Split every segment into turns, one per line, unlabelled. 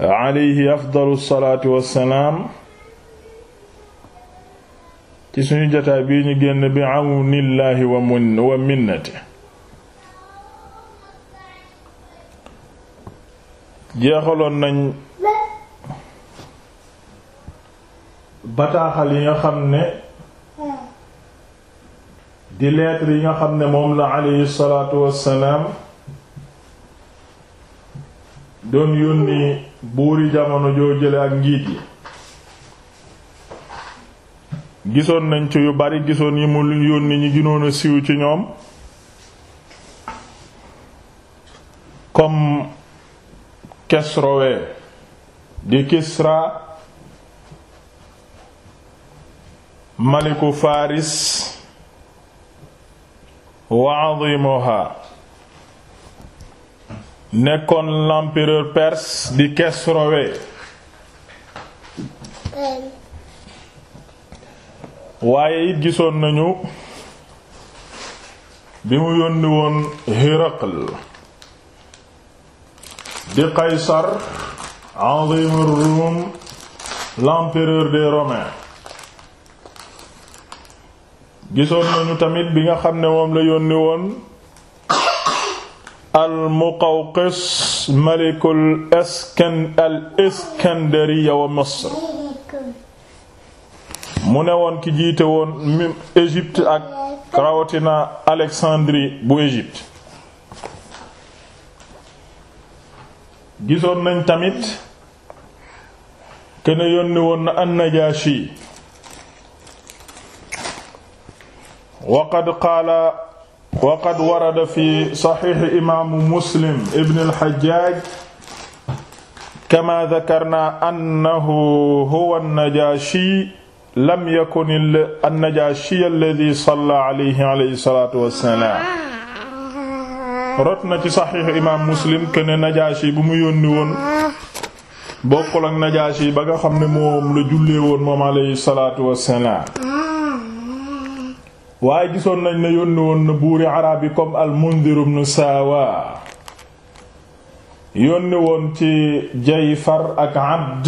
alayhi afdalu salaatu wassalaam ci suñu jotaay bii ñu génn bi awnillaahi wa mun wa minnati jeexaloon nañ bataaxal yi nga xam ne di lettre yi nga xam ne moom la alayhi salaatu wassalaam doon yónni buuri jamono joo jële ak njiit yi gisoon nañ ci yu bari gisoon yi mu yónni ñi ginoon siiw ci ñoom comme Kesrowe di Kisra maliku Faris wa azimuha nekkoon l'empereur perse di Kesrowe waaye it gisoon nañu bi mu yónni woon Hiraql di Qaysar azimur Rum l'empereur des Romains gisoon nañu tamit bi nga xam ne moom la yónni woon al-Muqawqis malikul al-Iskandariya wa Misr mu ne woon ki jiite woon mim Égypte ak rawatina Alexandrie bu Égypte gisoon nañ tamit kene yónni woon na an-Najaashi wa waqad warada fi saxiix imaamu muslim ibn al-Hajjaaj kama dakarna annahu huwa an-Najaashi lam yakun an-Najaashi alladhi salla alayhi alayhi salaatu wa salaam. rot na ci saxiix imaam muslim kenn Najaashi bu mu yónni woon bokkul ak Najaashi ba nga xam ne moom la jullee woon moom alayhi salaatu wa salaam. waaye gisoon nañ ne yónni woon buuri arab kom comme al Mundir ibn Sawa yónni woon ci Jayfar ak Abd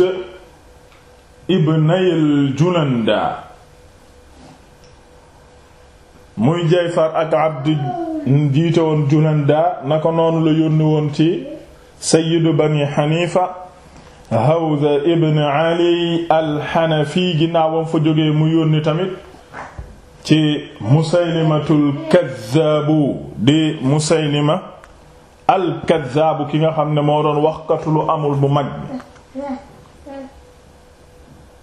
ibnayil Julanda muy Jayfar ak Abd jiite woon Julanda naka noon la yónni woon ci sayyidu bani Hanifa Hawza ibn Ali al-Hanafi ginnaawam fa jógee mu yónni tamit ci musaylimatul kazzaabu di musaylima al kazzaabu ki nga xam ne moo doon waxkatu lu amul bu mag bi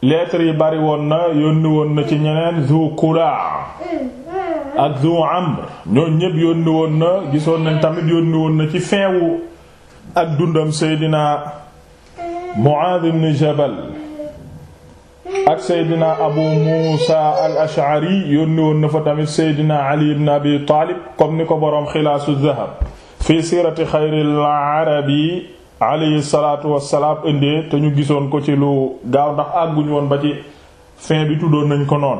lettre yi bari woon na yónni na ci ñeneen zu kuraa ak zu amr ñoo ñépp yónni na gisoon nañ tamit yónni na ci feewu ak dundam seydina muaaz ibn jabal ak seydina abu muusa al ashari yónni woon na fa tamit seydina ali ibn abi taalib comme ni ko boroom xilaasu zahab fi siirati xayril arabi alayhi salaatu wassalaam indee te ñu gisoon ko ci lu gaaw ndax àgguñu woon ba ci fin bi tuddoon nañ ko noon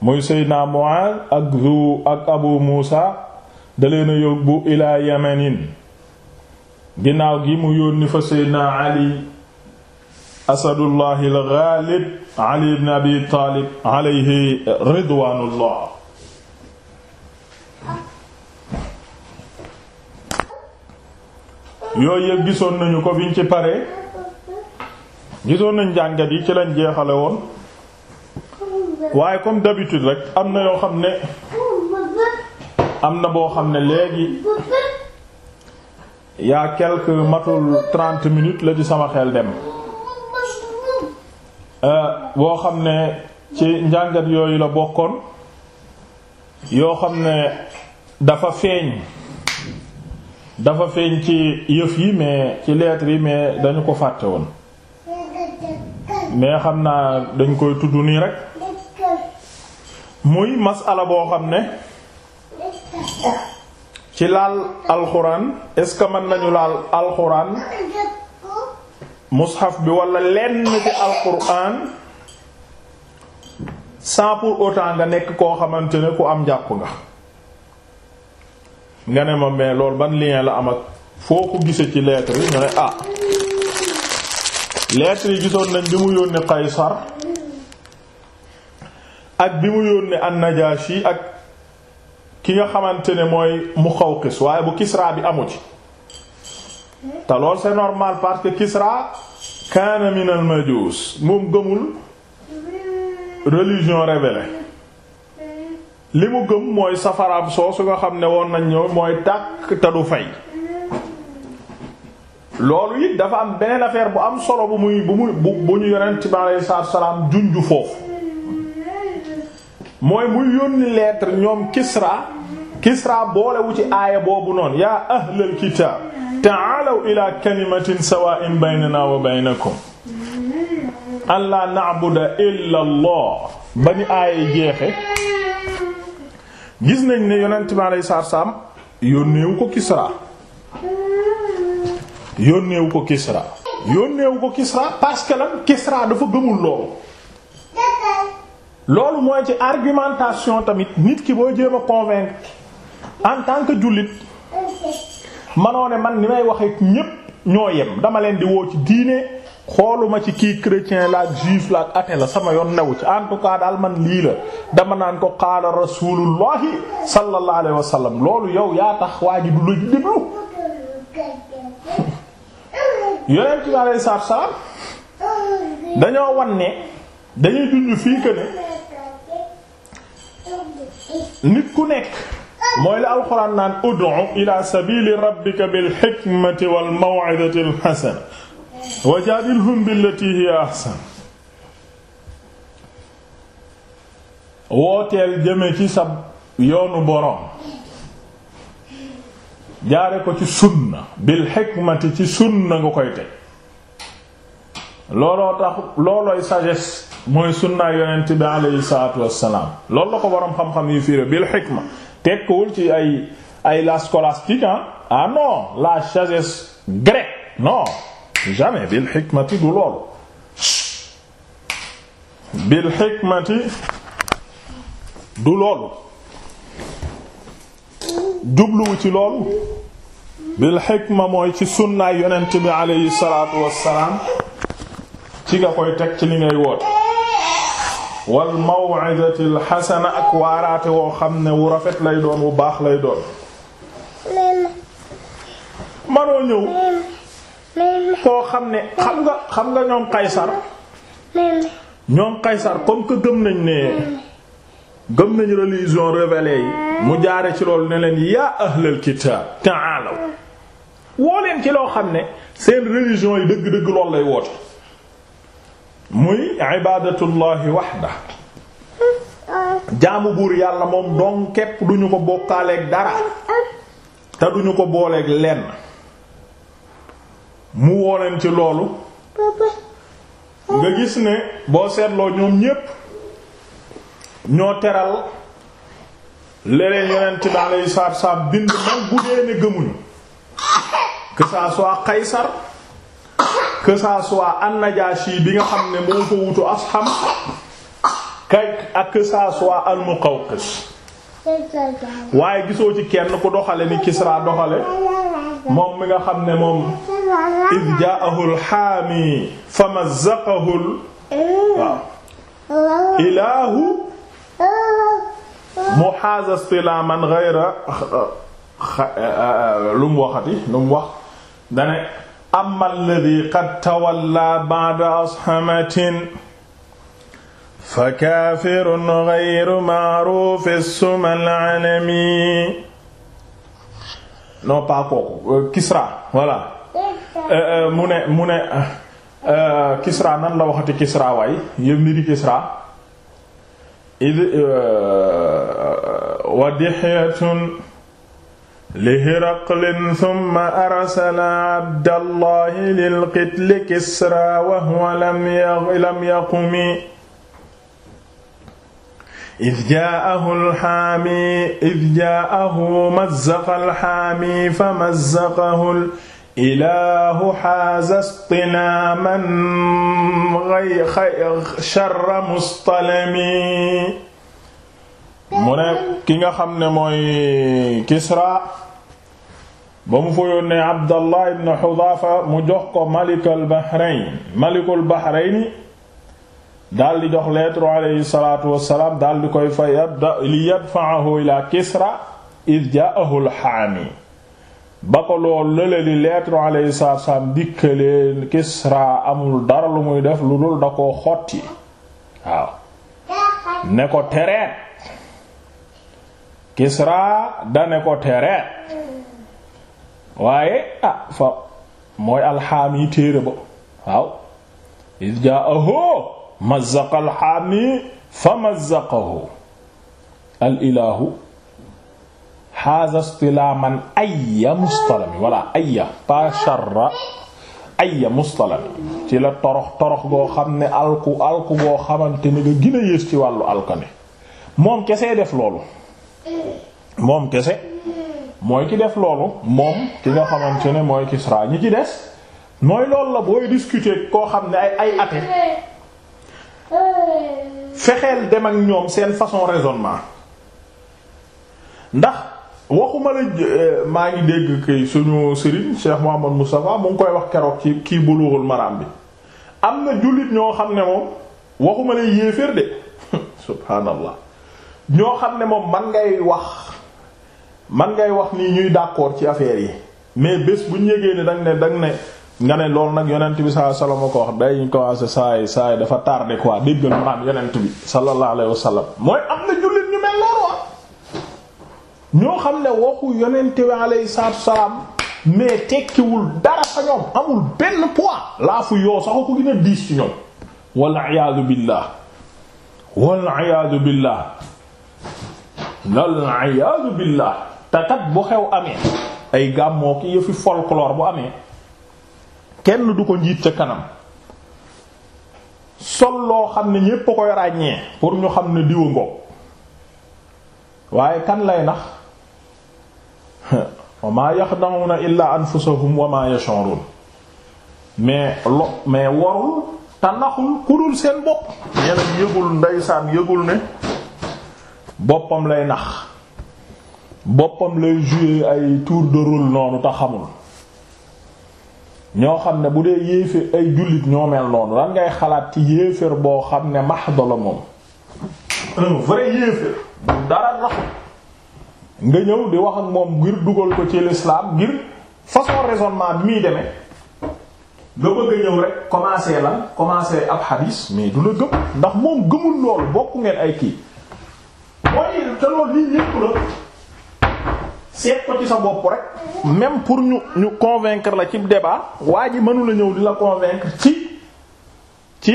muy seydina muaaz ak zu ak abu muusa dalee na yóbbu ilaa yamanin ginnaaw gi mu yónni fa seydina ali asadullahi al-ghalib ali ibn abi taalib alayhi ridwaanullah yooyu yëpp gisoon nañu ko biñ ci pare gisoon nañ jàngat yi ci lañ jeexale woon waaye comme d'habitude rek am na yoo xam ne am na boo xam ne léegi yaa quelque matul trent minutes la ci sama xel dem Euh, boo xam ne ci njàngat yooyu la bokkoon yoo xam ne dafa feeñ dafa feeñ ci yëf yi mais ci lettre yi mais dañu ko fàtte woon mais xam naa dañ koy tudd nii rek muy masala boo xam ne ci laal alxuraan est-ce que mën nañu laal alxuraan mushaf bi wala lenn ci alquran sans pour autant nga nekk koo xamante ne ku am jàpp nga nga ne ma mais loolu ban lien la am ak foo ko gise ci lettre yi ñu ne ah lettre yi gisoon nañ bi mu yónni Qaysar ak bi mu yónni an-Najashi ak ki nga xamante ne mooy Muqawqis waaye bu Kisra bi amu ci te loolu c'est normal parce que Kisra kaana min al majuus moom gëmul religion révélée li mu gëm mooy safaraam soosu nga xam ne woon nañ mooy tàkk te du fay loolu it dafa am beneen affaire bu am solo bu muy bu muy bu ñu yonent bi aleyhi salaatu foofu mooy muy yónni lettre ñoom Kisra Kisra boolewu ci aaya boobu noon yaa ahlal kitaab taalaw ila kalimatin sawaa'in baynanaa wa baynakum allaa na'buda illa allah ba ni aaya jeexe gis nañ ne yonent bi alayhi salaatu yónneewu ko Kisra yónneewu ko Kisra yónneewu ko dafa gëmul loolu loolu mooy ci argumentation tamit nit ki boo jéem a en tant que jullit manoo man ni may waxee ñépp ñoo yem dama leen di woo ci diine xooluma ci kii chrétien la ak juif la ak athée la sama yoon newu ci en tout cas daal man lii la dama naan ko qaala rasulullahi sallallahu alayhi wa sallam loolu yow yaa tax waa ji du la ci déglu yonent salaam dañoo wan ne dañuy junj fii que nit ku nekk. mooy la alxuraan naan ud'u ila sabili rabbika bil hikmati wal maw'izati al hasana wa jadilhum billati hiya ahsan wooteel jëme ci sa yoonu boroom jaare ko ci sunna bil hikmati ci sunna nga koy teg looloo tax loolooy sagesse mooy sunna yonent bi aleyhi salaatu wassalaam loolu la ko boroom xam-xam yi fiire bil hikma tekkiwul ci ay ay la scolastique ah non la sagesse grecque non jamais bil hikmati du loolu bil hikmati du loolu jubluwu ci loolu bil hikma mooy ci sunnaay yonent bi aleyhi salaatu wassalaam ci nga koy teg ci li wal maw'izati al xasana ak waaraate woo xam ne wu rafet lay doon wu baax lay doon manoo ñëw koo xam ne xam nga xam nga ñoom Qaysar ñoom Qaysar comme que gëm nañ ne gëm nañ religion révélée yi mu jaare ci loolu ne leen yaa ahlal kitaab ta'aalaw woo leen ci loo xam ne seen religion yi dëgg-dëgg loolu lay woote muy ibaadatullahi waxda jaamu buur yàlla moom don képp duñu ko bokkaaleeg dara te duñu ko booleeg lenn mu wooleen ci loolu nga gis ne boo seetloo ñoom ñépp ñoo teral leneen yonent ci alayhi salaatu wa salaam bind man bu dee ne gëmuñu que ça soit Qaysar que ça soit an-Najashi bi nga xam ne moo ko wutu Asham kay ak que ça soit al-Muqawqis waaye gisoo ci kenn ku doxale ni Kisra doxale moom mi nga xam ne moom iz jaahu al-haami famazzaqahu
ilaahu
muhaaza istilaman ghayra lu mu waxati lu mu wax dane amma alladhi qad tawalla ba'da ashamatin fa kaafirun ghayru ma'rufi sumal alami non pas kooku euh, Kisra voilà euh, euh, mu ne mu ne Kisra nan la waxati Kisra waay yëpp mbiri Kisra id wa dihyatun li hiraqlin thumma arsala abdallahi lil qitli kisra wa huwa lam yaqumi id jaahu alxaami id jaahu mazzaqa alxaami fa mazzaqahu ilaahu xaaza istinaaman sharra mustalami mu ne ki nga xam ne mooy Kisra ba mu fa yónnee Abdallah ibn Hudhafa mu jox ko Malikul Bahrayn Malikul Bahrayn daal di jox lettre alayhi salaatu wassalaam daal koy fa yabda li yadfa'ahu ila Kisra iz ja'ahu al ba ko lool lële li lettre alayhi salaatu wassalaam dikkalee Kisra amul dara lu muy def lu dul da koo xotti waaw ne ko tereet Kisra dane ko tere waaye ah fa mooy alxaami téere ba waaw is jaahu mazzaqa alxaami fa mazzaqahu al ilahu haza istilaman mustalami wala ayya pa sharra ayya mustalami ci la torox torox goo xam ne alku alku goo xamante ni nga gën yées ci wàllu alkane moom kese def loolu moom kese mooy ki def loolu moom ki nga xamante ne mooy Kisra ñi ci des mooy loolu la booy discuter koo xam ne ay ay athée fexeel dem ak ñoom seen façon raisonnement ndax waxuma la euh, maa ngi dégg kay suñu Serigne Cheikh Mouhamad Moustapha mu ngi koy wax keroog ci kii Bulughul Maram bi am na jullit ñoo xam ne moom waxuma la yéeféer de subhaanallah ñoo xam ne moom man ngay wax man ngay wax nii ñuy d'accord ci affaire yi mais bés bu ñu yégee ne dang ne dang ne nga ne loolu nag yonent bi sallallahu alayhi ko wax day commencé saay saay dafa tardé quoi déggal mu naan yonent bi sallallahu alayhi wasallam mooy am na jullit ñu mel noonu wax ah. ñoo xam ne waxu yonent bi alayhi salaatu salaam mais tekkiwul dara sa ñoom amul benn poids laa fu yoo sax ko gën diis ci ñoom wal iyaadu billah wal iyaadu billah lal iyaadu billah te kat bu xew amee ay gàmmoo ki yëfi folklore bu amee kenn du ko njiit ca kanam sol loo xam ne ñépp a koy ràññee pour ñu xam ne diwa ngoog waaye kan lay nax wa maa yaxda'una illaa anfusahum wa maa yash'urun mais lo mais warul te ku dul seen bopp ñeneen yëgul ndeysaan yëgul ne boppam lay nax boppam lay jouer ay tour de rôle noonu te xamul ñoo xam ne bu dee yéeféer ay jullit ñoo mel noonu lan ngay xalaat ci yéeféer boo xam ne mahdo la moom un vrai yéeféer bu dara raxu nga ñëw di wax ak moom ngir dugal ko ci lislaam ngir façon raisonnement bi muy nga bëgg a ñëw rek commencer lan commencer ab hadis mais du la gëm ndax moom gëmul loolu bokku ngeen ay kii te loolu seet ko ci sa bopp rek même pour ñu ñu convaincre la ci débat waa ji mënu la ñëw di la convaincre ci ci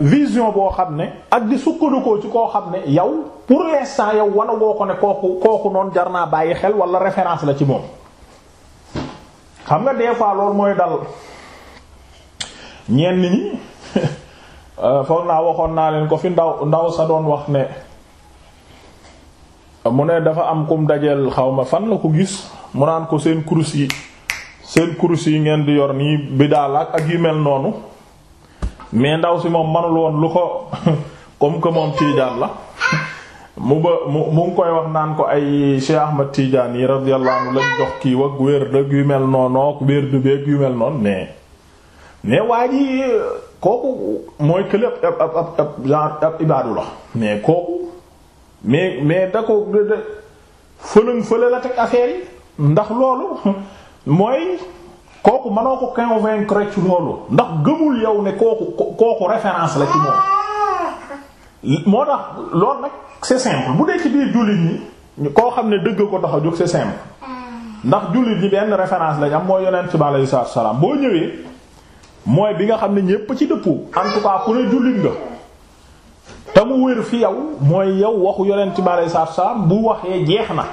vision boo xam ne ak di sukkandikoo ci koo xam ne yow pour l'instant yow wana woo ko ne kooku kooku noonu jar naa bàyyi xel wala référence la ci moom xam nga des fois loolu mooy dal ñenn ñi euh, foog naa waxoon naa leen ko fi ndaw ndaw sa doon wax ne mu ne dafa am kum dajeel xawma fan la ko gis mu naan ko seen kurus yi seen kurus yi ngeen di yor nii bi daal ak yu mel noonu mais ndaw si moom manul woon lu ko comme que moom tiijaan la mu ba mu mu ngi koy wax naan ko ay Cheikh Ahmad tiijaan yi radiyallahu anhu lañ jox kii wag wér yu mel noonu ak wér du beeg yu mel noonu mais mais waa ji kooku mooy kële ab ab ab genre ab ibaadu la mais kooku. mais mais da ko fëlën fële la teg affaire yi ndax loolu mooy kooku mënoo ko convaincre ci loolu ndax gëmul yow ne kooku kooku référence la ci
moom
moo tax loolu nag c'est simple bu dee ci biir jullit ñi koo xam ne dëgg ko dox a jóg sa simple ndax jullit ñi benn référence lañ am mooy yonent bi alayhi salaam boo ñëwee mooy bi nga xam ne ñépp ci dëppoo en tout cas ku ne jullit nga te mu wér fi yow mooy yow waxu yonent bi aleyhi salaatu bu waxee jeex na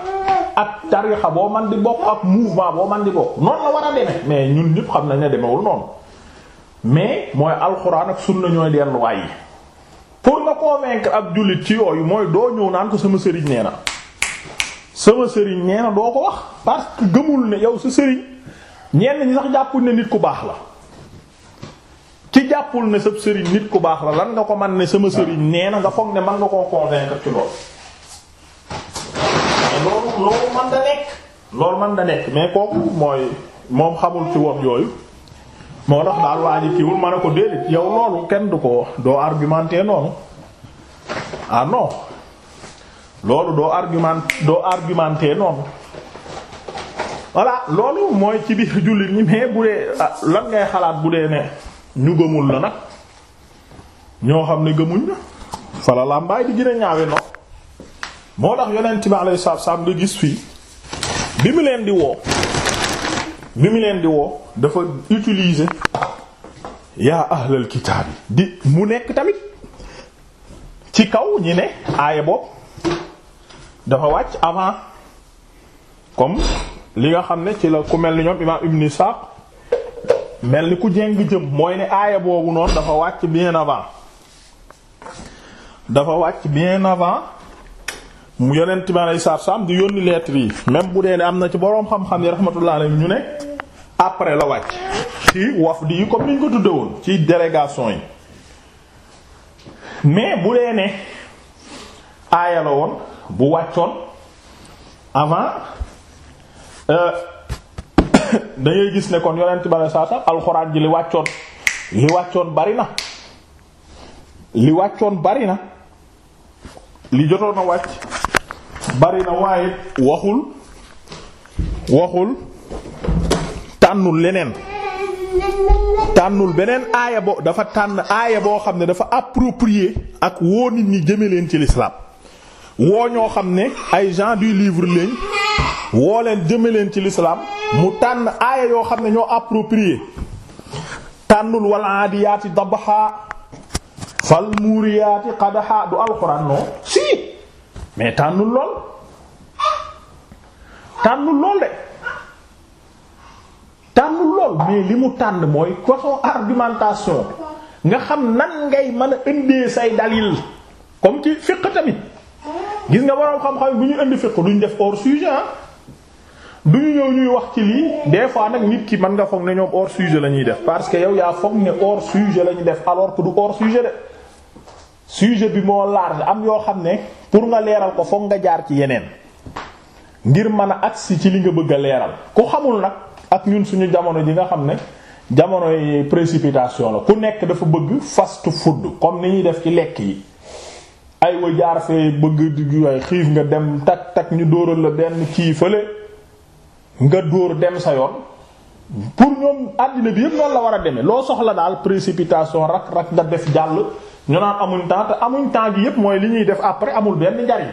ak tarixa boo man di bokk ak mouvement boo man di bokk noonu la war a demee mais ñun ñëpp xam nañ ne demewul noonu mais mooy alxuraan ak sunna ñooy delluwaay yi pour nga convaincre ab jullit ci yooyu mooy doo ñëw naan ko sama sëriñ nee na sama sëriñ nee na doo ko wax parce que gëmul ne yow sa sëriñ ñenn ñi sax jàppuñ ne nit ku baax la ci jàppul ne sab sëriñ nit ku baax la lan nga ko man ne sama ah. sëriñ nee na nga foog ne man nga koo convaincre ci loolu loolu man da nekk loolu man da nekk mais kooku mooy moom xamul ci woon yooyu moo tax daal waa ji kiiwul ma ne ko déedéet yow loolu kenn du ko doo argumenter noonu ah loolu doo argument noonu voilà loolu mooy ci biir jullit ñi mais bu dee ah, lan ngay xalaat bu dee ne ñu gëmul na nag ñoo xam ne gëmuñ la fala làmbaay di gën ñaawe no moo tax yonent bi alayhi salaatu salaam nga gis fii bi mu leen di woo bi mu leen di woo dafa utilise yaa ahlal kitaab yi di mu nekk tamit ci kaw ñi ne aaya boobu dafa wàcc avant comme li nga xam ne ci la ku mel ni ñoom imaam Ibn Isaaq mel ni ku jeng jëm mooy ne aaya boobu noonu dafa wàcc bien avant dafa wàcc bien avant mu yonent bi alayhi salaatu di yónni lettre yi même bu dee ne am na ci boroom xam-xam yi rahmatullah alayhi ñu ne après la wàcc ci wafd yi comme ni ñu ko tudde woon ci délégation yi mais bu dee ne aaya la woon bu wàccoon avant euh, dangay gis ne kon yonent ba ne saa sax alxuraan ji li wàccoon li wàccoon bari na li wàccoon bari na li jotoon a wàcc bari na waaye waxul waxul tànnul leneen tànnul beneen aaya bo dafa tànn aaya boo xam ne dafa approprié ak woo nit ñi jëme leen ci l'islam woo ñoo xam ne ay gens du livre lañ woo leen jëme leen ci lislaam mu tànn aaya yoo xam ne ñoo approprié tànnul wal aadiyaati dabha fal muuriyaati qadaha du alxuraan non si mais tànnul lool tànnul lool de tànnul lool mais li mu tànn mooy façon argumentation nga xam nan ngay mën a indee say dalil comme ci fiqh tamit gis nga boroom xam-xam bu ñu indi fiqh duñ def hors sujet du ñu ñëw ñuy wax ci lii des fois nag nit ki mën nga foog ne ñoom hors sujet la def parce que yow yaa foog ne hors sujet la ñuy def alors que du hors sujet de sujet bi moo large am yoo xam ne pour nga leeral ko foog nga jaar ci yeneen ngir mën a agsi ci li nga bëgg a leeral ku xamul nag ak ñun suñu jamono ji nga xam ne jamonoy précipitation la ku nekk dafa bëgg fast food comme ni ñuy def ci lekk yi ay wa jaar fee bëgg di xiif nga dem tak tak ñu dóoral la benn kii fële. nga dóor dem sa yoon pour ñoom àddina bi yëpp noonu la war a demee loo soxla daal précipitation rak rak nga def jàll ñu naan amuñ temps te amuñ temps gi yëpp mooy li ñuy def après amul benn njariñ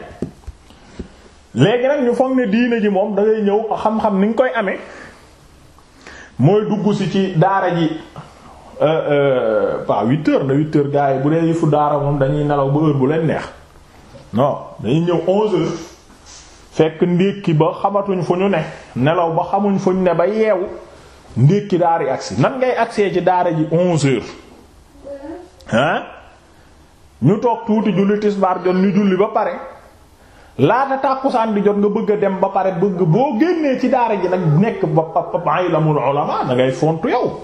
léegi nag ñu foog ne diine ji moom da ñëw xam-xam ni nga koy amee mooy dugg si ci daara ji euh, euh, pas huit heures na huit heures yi bu dee yëfu daara moom dañuy nelaw ba heure bu leen neex non dañuy ñëw onze heures fekk ndékki ba xamatuñ fu ñu ne nelaw ba xamuñ fu ñu ne ba yeewu ndékki daari agsi nan ngay agsee ci daara ji onze heures hein ñu toog tuuti julli tisbaar jot ñu julli ba pare laa laata tàkkusaan bi jot nga bëgg dem ba pare bëgg boo génnee ci daara ji nag nekk ba papay lamul ulama da ngay fontu yow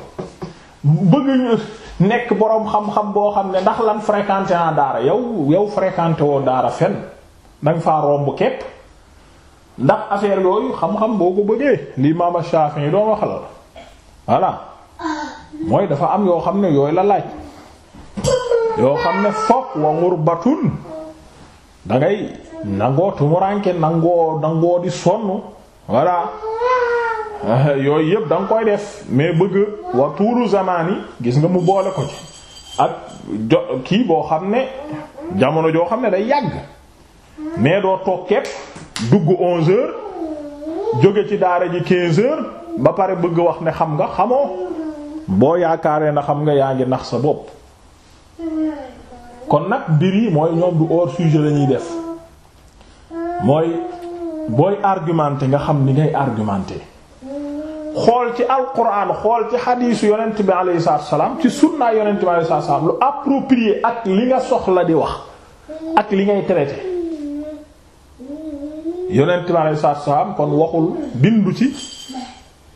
bëgg nekk boroom xam-xam boo xam ne ndax lan fréquenté naa daara yow yow fréquenté woo daara fen danga faa romb képp ndax affaire yooyu xam-xam boo ko bëggee li Maam Shafi'i doon waxal la voilà mooy dafa am yoo xam ne yooyu la laaj yoo xam ne fokk wa ghurbatun da ngay nangoo tumuranke nangoo nangoo di sonn voilà yooyu yëpp danga koy def mais bëgg wa tuuru zamaan gis nga mu boole ko ci ak jo kii boo xam ne jamono joo xam ne day yàgg mais doo toog képp dugg onze heures jóge ci daara ji quinze heures ba pare bëgg wax ne xam nga xamoo boo yaakaaree na xam nga yaa ngi nax sa bopp kon nag biir yi mooy ñoom du hors sujet la def mooy booy argumenter nga xam ni ngay argumenter xool ci alquran xool ci xadiisu yonent bi alayhi salaatu salaam ci sunnaa yonent bi alayhi salaatu salaam lu approprié ak li nga soxla di wax ak li ngay traiter yonent bi alayhi salaatu salaam kon waxul bindu ci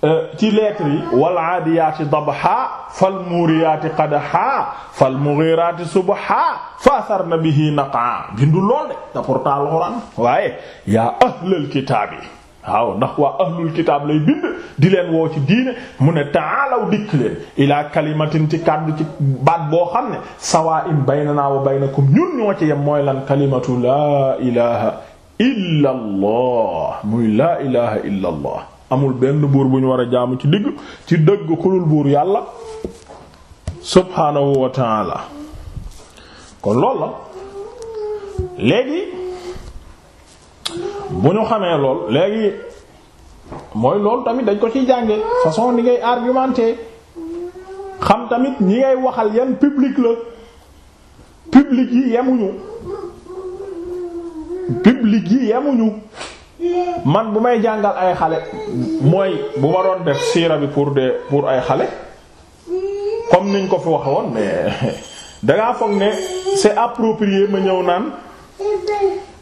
euh, ci lettre yi wal aadiyaati dabha fal muuriyaati qadha fal mughiraati subha fa asarna bihi naqa bindu lool de te pourtant alxuraan waaye yaa ahlal kitaab yi waaw ndax waa ahlul kitaab lay bind di leen woo ci diine mu ne taalaw dikk leen ilaa kalimatin ci kàddu baat boo xam ne sawaa'in baynanaa wa baynakum ñun ñoo ci yem mooy lan kalimatu laa ilaaha illa allah muy laa ilaha illa allah amul benn buur bu ñu war a jaamu ci digg ci dëgg kulul buur yàlla subhaanahu wa taala kon loolu la léegi bu ñu xamee lool léegi mooy loolu tamit dañ ko ciy jànge façon ni ngay argumenter xam tamit ñi ngay waxal yenn public la public yi yemuñu biblique yi yemuñu man bu may jàngal ay xale mooy bu ma doon def siira bi pour de pour ay xale comme niñ ko fi waxe woon mais dangaa foog ne c'est approprié ma ñëw naan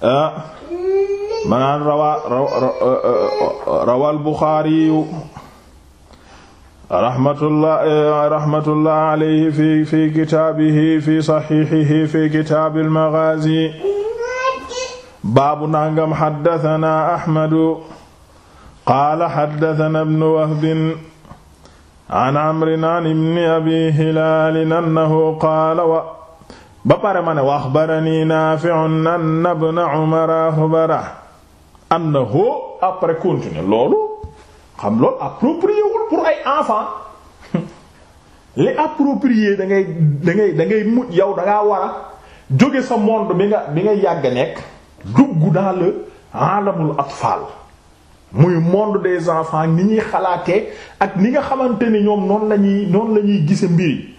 ah ma naan rawaa euh, rawal Buxaari yu rahmatullah euh, rahmatullah alayhi fi fi kitaabihi fi saxiixihi fi kitaabil maghaazi baabu nangam xaddatana ahmadu qaala xaddatana bnu wahbin an amrin an ibni abi hilaalin annahu qaala ba pare ma wa axbarani naafi'un anna bna umara axbara annahu après continuer loolu xam pour ay enfant li approprié da ngay mujj yow dangaa war a sa monde bi nga bi nga yàgg nekk dugg daal le alamul atfal muy monde des enfants ni ñuy xalaatee ak ni nga xamante ni ñoom noonu la ñuy noonu la ñuy gise mbiri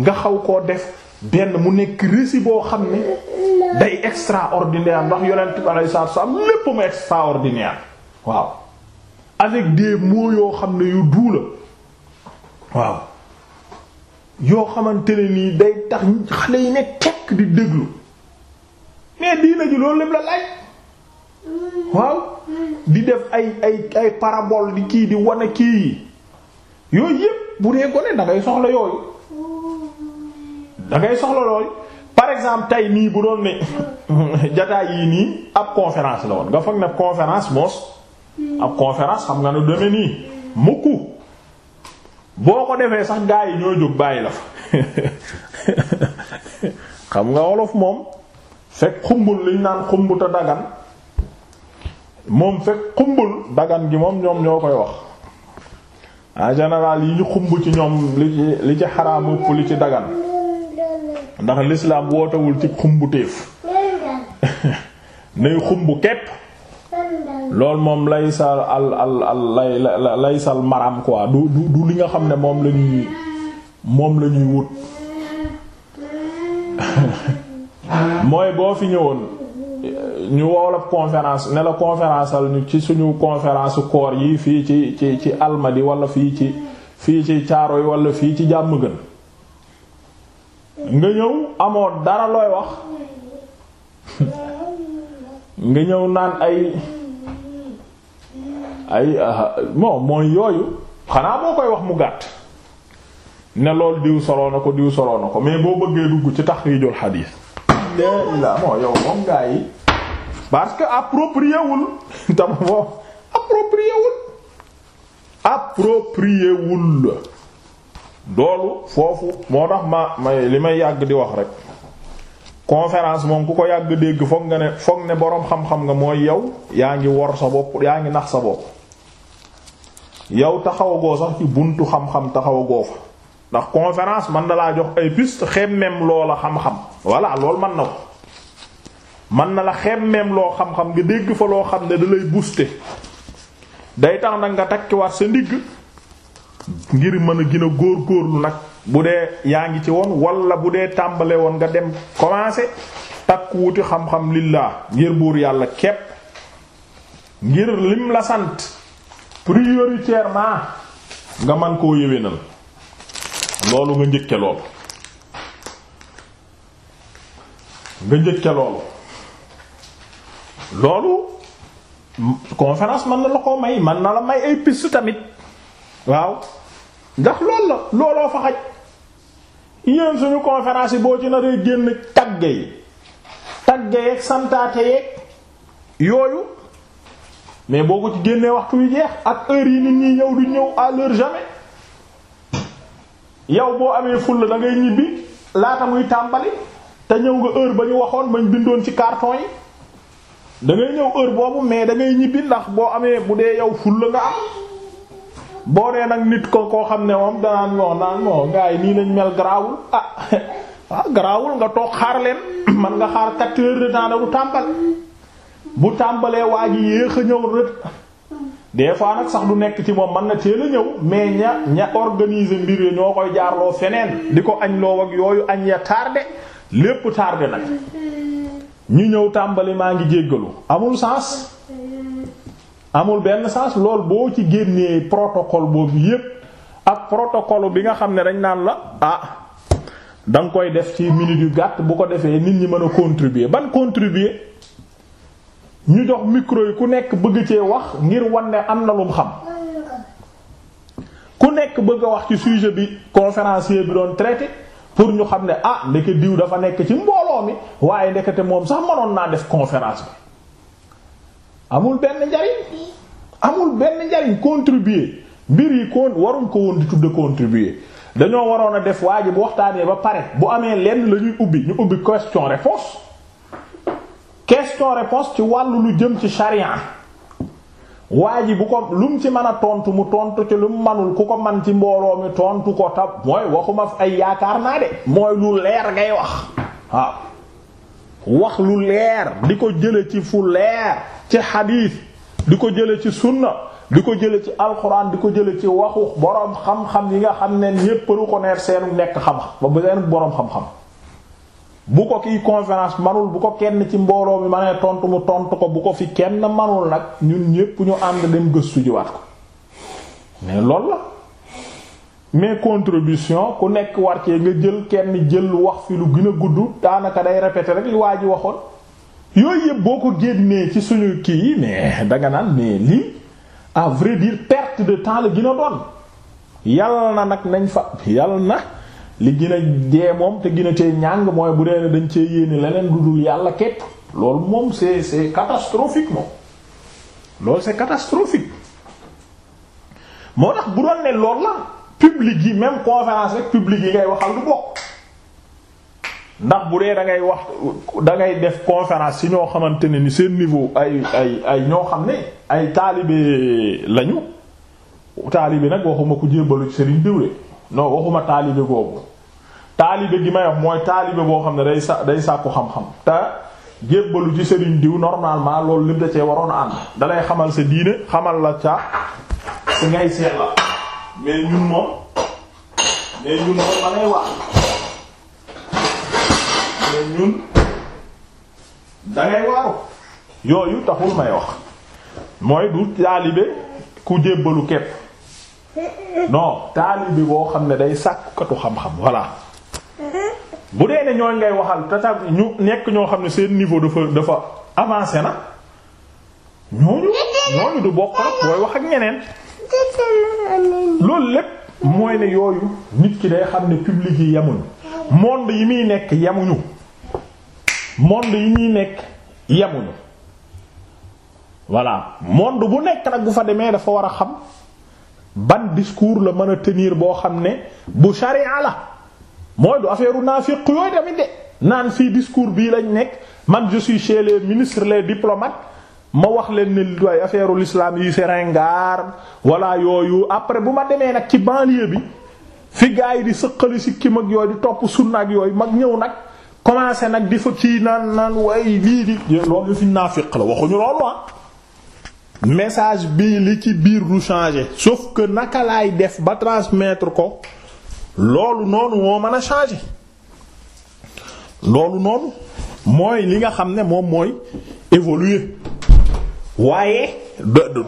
nga xaw koo def benn mu nekk récit boo xam ne day extraordinaire ndax yonent bi alayhi salaatu salaam lépp mu extraordinaire waaw avec des mots yoo xam ne yu duula waaw yoo xamante ni nii day tax xale yi ne tekk di déglu mais diina ji loolu lépp la laaj waaw di def ay ay ay parabole di kii di wane kii yooyu yépp bu dee gone da soxla yooyu dangay soxla yooyu par exemple tey nii bu doon ne jataay yii nii ab conférence la woon nga foog ne conférence moos ab conférence xam nga nu demee nii mukk boo ko defee sax gaa yi ñoo jóg bàyyi la fa xam nga wolof moom fekk xumbul liñ naan xumb te dagan moom fekk xumbul dagan gi moom ñoom ñoo koy wax en général yi ñu xumb ci ñoom li ci li ci li ci dagan ndax lislaam wootewul ci xumb téef nay xumb kepp loolu moom lay sal al al al lay lay sal maram quoi du du li nga xam ne moom la ñuy moom la ñuy wut mooy boo fi ñëwoon ñu woo la conférence ne la conférence al ci suñu conférence koor yi fii ci ci ci almadi wala fii ci fii ci caaro yi walla fii ci jàmm gën nga ñëw amoon dara looy wax nga ñëw naan ay ay bon mooy yooyu xanaa boo koy wax mu gàtt ne loolu diw soloo na ko diw soloon na ko mais boo bëggee dugg ci taxrijul xadiis la ilaha moom gaa yi parce que approprié wul tam moom approprié wul loolu foofu moo tax ma may li may yàgg di wax rek conférence moom ku ko yàgg dégg foog nga ne foog ne boroom xam-xam nga mooy yow yaa ngi wor sa bopp yaa ngi nax sa bopp yow taxawagoo sax ci buntu xam-xam taxawagoo fa ndax conférence mën na laa jox ay piste xemmeem loola xam-xam voilà lool man na ko man na la xemmeem loo xam-xam nga dégg fa loo xam ne da lay booster day tax nag nga takkiwaat sa ndigg ngir mën a gën góor góorgóorlu nag bu dee yaa ngi ci woon wala bu dee tàmbale woon nga dem commencer takk wuti xam-xam lillaa ngir buur yàlla képp ngir lim la sant prioritairement nga man koo yéwénal loolu nga njëkke loolu nga njëkke loolu loolu conférence mën na la koo may man na la may ay piste tamit waaw ndax loolu la looloo fa xaj yéen suñu conférence yi boo ci nar a génn tagge yi tagge yeeg santaate yeeg yooyu mais boo ko ci génnee waxtu wi jeex ak heure yi nit ñi ñëw du ñëw à l'heure jamais yow boo amee fulla da ngay ñibbi laata muy tàmbali te ñëw nga heure ba ñu waxoon mañ bindoon ci carton yi dangay ñëw heure boobu mais dangay ngay ñibbi ndax boo amee bu dee yow fulla nga am boo dee nag nit ko koo xam ne moom danaan moo naan moo gars nii nañ mel garaawul ah ah garaawul nga toog xaar leen man nga xaar quatre heures de temps bu tàmbalee waa ji yéex a ñëw rek des fois nag sax du nekk ci moom mën na teel a ñëw mais ña ña organiser mbir yi ñoo koy jaarloo feneen di ko añ loo ak yooyu añ ya tardé lépp tardé nag ñu ñëw tàmbali maa ngi jéggalu amul sens amul benn sens lool boo ci génnee protocole boobu yépp ak protocole bi nga xam ne dañ naan la ah da koy def ci minute yu gàtt bu ko defee nit ñi mën a contribuer ban contribuer ñu jox micro yi ku nekk bëgg cee wax ngir wan ne am na lum xam ku nekk bëgg a wax ci sujet bi conférencier bi doon traité pour ñu xam ne ah ndeke diw dafa nekk ci mbooloo mi waaye ndekete moom sax mënoon naa def conférence bi amul benn njariñ amul benn njariñ contribuer mbir yi kon waruñ ko woon di tudde contribuer dañoo waroon a def waa ji waxtaanee ba pare bu amee lenn la ñuy ubbi ñu ubbi question réponse question réponse ci wàllu lu jëm ci sharia waa ji bu ko lu mu ci mën a tontu mu tontu ci lu mu manul ku ko man ci mbooloo mi tontu ko tab mooy waxuma ay yaakaar naa de mooy lu leer ngay wax waaw wax lu leer di ko jële ci fu leer ci xadiis di ko jële ci sunna di ko jële ci alxuraan di ko jële ci waxu boroom xam-xam yi nga xam ne ñépp reconnaître seenu nekk xam-xam ba bu boroom xam-xam bu ko kiy conférence manul bu ko kenn ci mbooloo mi ma ne tontu mu tontu ko bu ko fi kenn manul nag ñun ñépp ñu ànd dem gëstu jiwaat ko mais lool la mais contribution ku nekk war cee nga jël kenn jël wax fi lu gën a gudd daanaka day répéter rek li waa ji waxoon yooyu yëpp boo ko génnee ci suñu kii yi mais danga naan mais lii à vrai dire perte de temps la gën a doon yàlla na nag nañ fa yàlla na li gën a moom te gën a cee ñàng mooy bu dee dañ cee yéene leneen du dul yàlla képp lool moom c'est c'est catastrophique moom loolu c'est catastrophique moo tax bu doon ne loolu la public yi même conférence rek public yi ngay waxal du bokk ndax bu dee da ngay wax da ngay def conférence ci ñoo xamante ne ni seen niveau ay ay ay ñoo xam ne ay taalibe lañu taalibe nag waxuma ko jébbalu ci sëriñ diwle non waxuma taalibe googu taalibe gi may wax mooy taalibe boo xam ne day sa day sàkku xam-xam te jébbalu ci sëriñ diw normalement loolu lim da cee waroon a ànd dalay xamal sa diine xamal la ca si ngay seet la mais ñun moom mais ñun moom ma wax mais ñun dangay waaru yooyu taxul may wax mooy du taalibe ku jébbalu kepp non taalibe boo xam ne day sàkkukatu xam-xam voilà bu dee ne ñooy ngay waxal tata ñu nekk ñoo xam ne seen niveau dafa dafa avancé na ñooñu ñooñu du bokk ak booy wax ak ñeneen loolu lépp mooy ne yooyu nit ki day xam ne public yi yemuñu monde yi muy nekk yemuñu monde yi muy nekk yemuñu voilà monde bu nekk nag bu fa demee dafa war a xam ban discours la mën a tenir boo xam ne bu sharia la mooy du affaire naafiq yooyu tamit de naan fii discours bii lañ nekk man je suis chez les ministres les ma wax leen ne doy affaire lislaam yi seringar walla yooyu après bu ma demee nag ci banlieue bi fi gars yi di sëqali si kim ak yooyu di topp sunna yooyu mag ñëw nag commencé nag di fa kii naan naan way lii di loolu fi naafiq la waxuñu loolu ah message bii li ci biir lu changé sauf que naka laay def ba transmettre ko loolu noonu moo mën a changer loolu noonu mooy li nga xam ne moom mooy évoluer waaye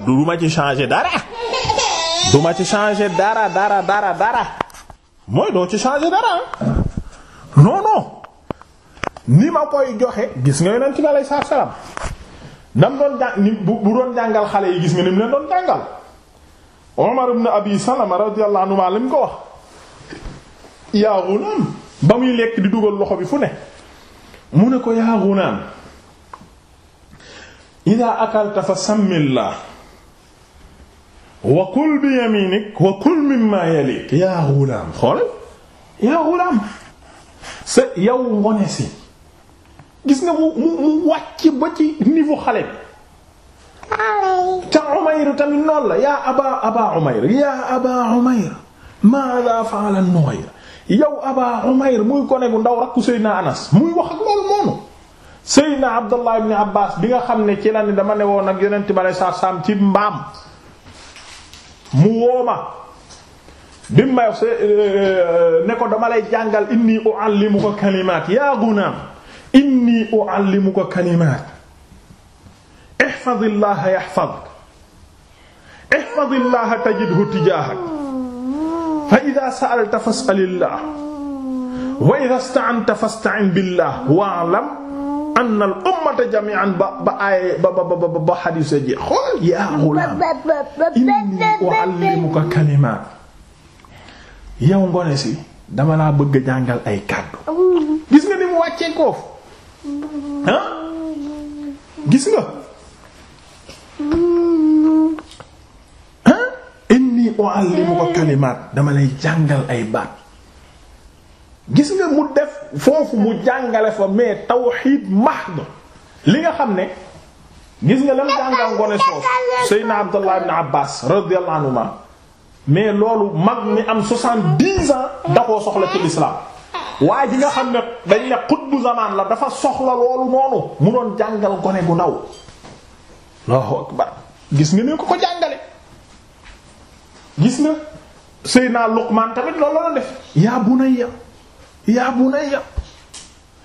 du ma ci changer dara du ma ci changer dara dara dara dara mooy doo ci changer dara non non ni ma koy joxe gis nga yonent bi alayhi salaam nam doon jàng bu doon jàngal xale yi gis nga ni mu leen doon jàngal Umar ibn Abi Salama radiyallahu anhu maa lim ko wax yaa ghulam ba muy lekk di dugal loxo bi fu ne mu ne ko yaa ghulam ida akalta fa sammillah wa kul bi yaminik wa kul mimma yalik yaa ghulam xool yaa ghulam sa yow ngone si gis nga mu mu mu wàcc ba ci niveau xale bi ca Umayr tamit noonu la yaa aba aba Umayr yaa aba Umayr maada fa'ala Nughayr yow Aba Umayr muy gone gu ndaw rakku Seydina Anas muy wax ak loolu moonu Seydina Abdallah bi nga xam ne ci la ne dama ne woon ak yonent bi saa saam ci mbaam mu wooma bi mu may euh, ne ko dama lay jàngal inni u'allimuka kalimaat yaa gunaam inni u'allimuka kalimaat ihfazillaha yahfazuk ihfazillaha tajidhu tijaahak fa idaa sa'alta fas'alillah wa idaa ista'anta fasta'in billah wa'lam anna al ummata jami'an ba ba ay ba ba ba ba xadiis ji xool yaa gulaam
inni u'allimuka
kalimaat yow ngone si dama laa bëgg a jàngal ay kàddu gis nga ni mu wàccee koof gis nga inni u'allimuka kalimaat dama lay jàngal ay baat gis nga mu def foofu mu jàngale fa mais tawxiid mahd li nga xam ne gis nga lam jàngal ngone soof Seydina Abdallah ibn Abbas radiyallahu anhuma mais loolu mag mi am soixante-dix ans da koo soxla ci lislaam waaye ji nga xam ne dañ ne bu zamaan la dafa soxla loolu noonu mu doon jàngal gone gu ndaw Allahu akbar gis nga ne ko ko jàngale gis nga Seydina Luqman tamit lool la def yaa bunayya yaa bunayya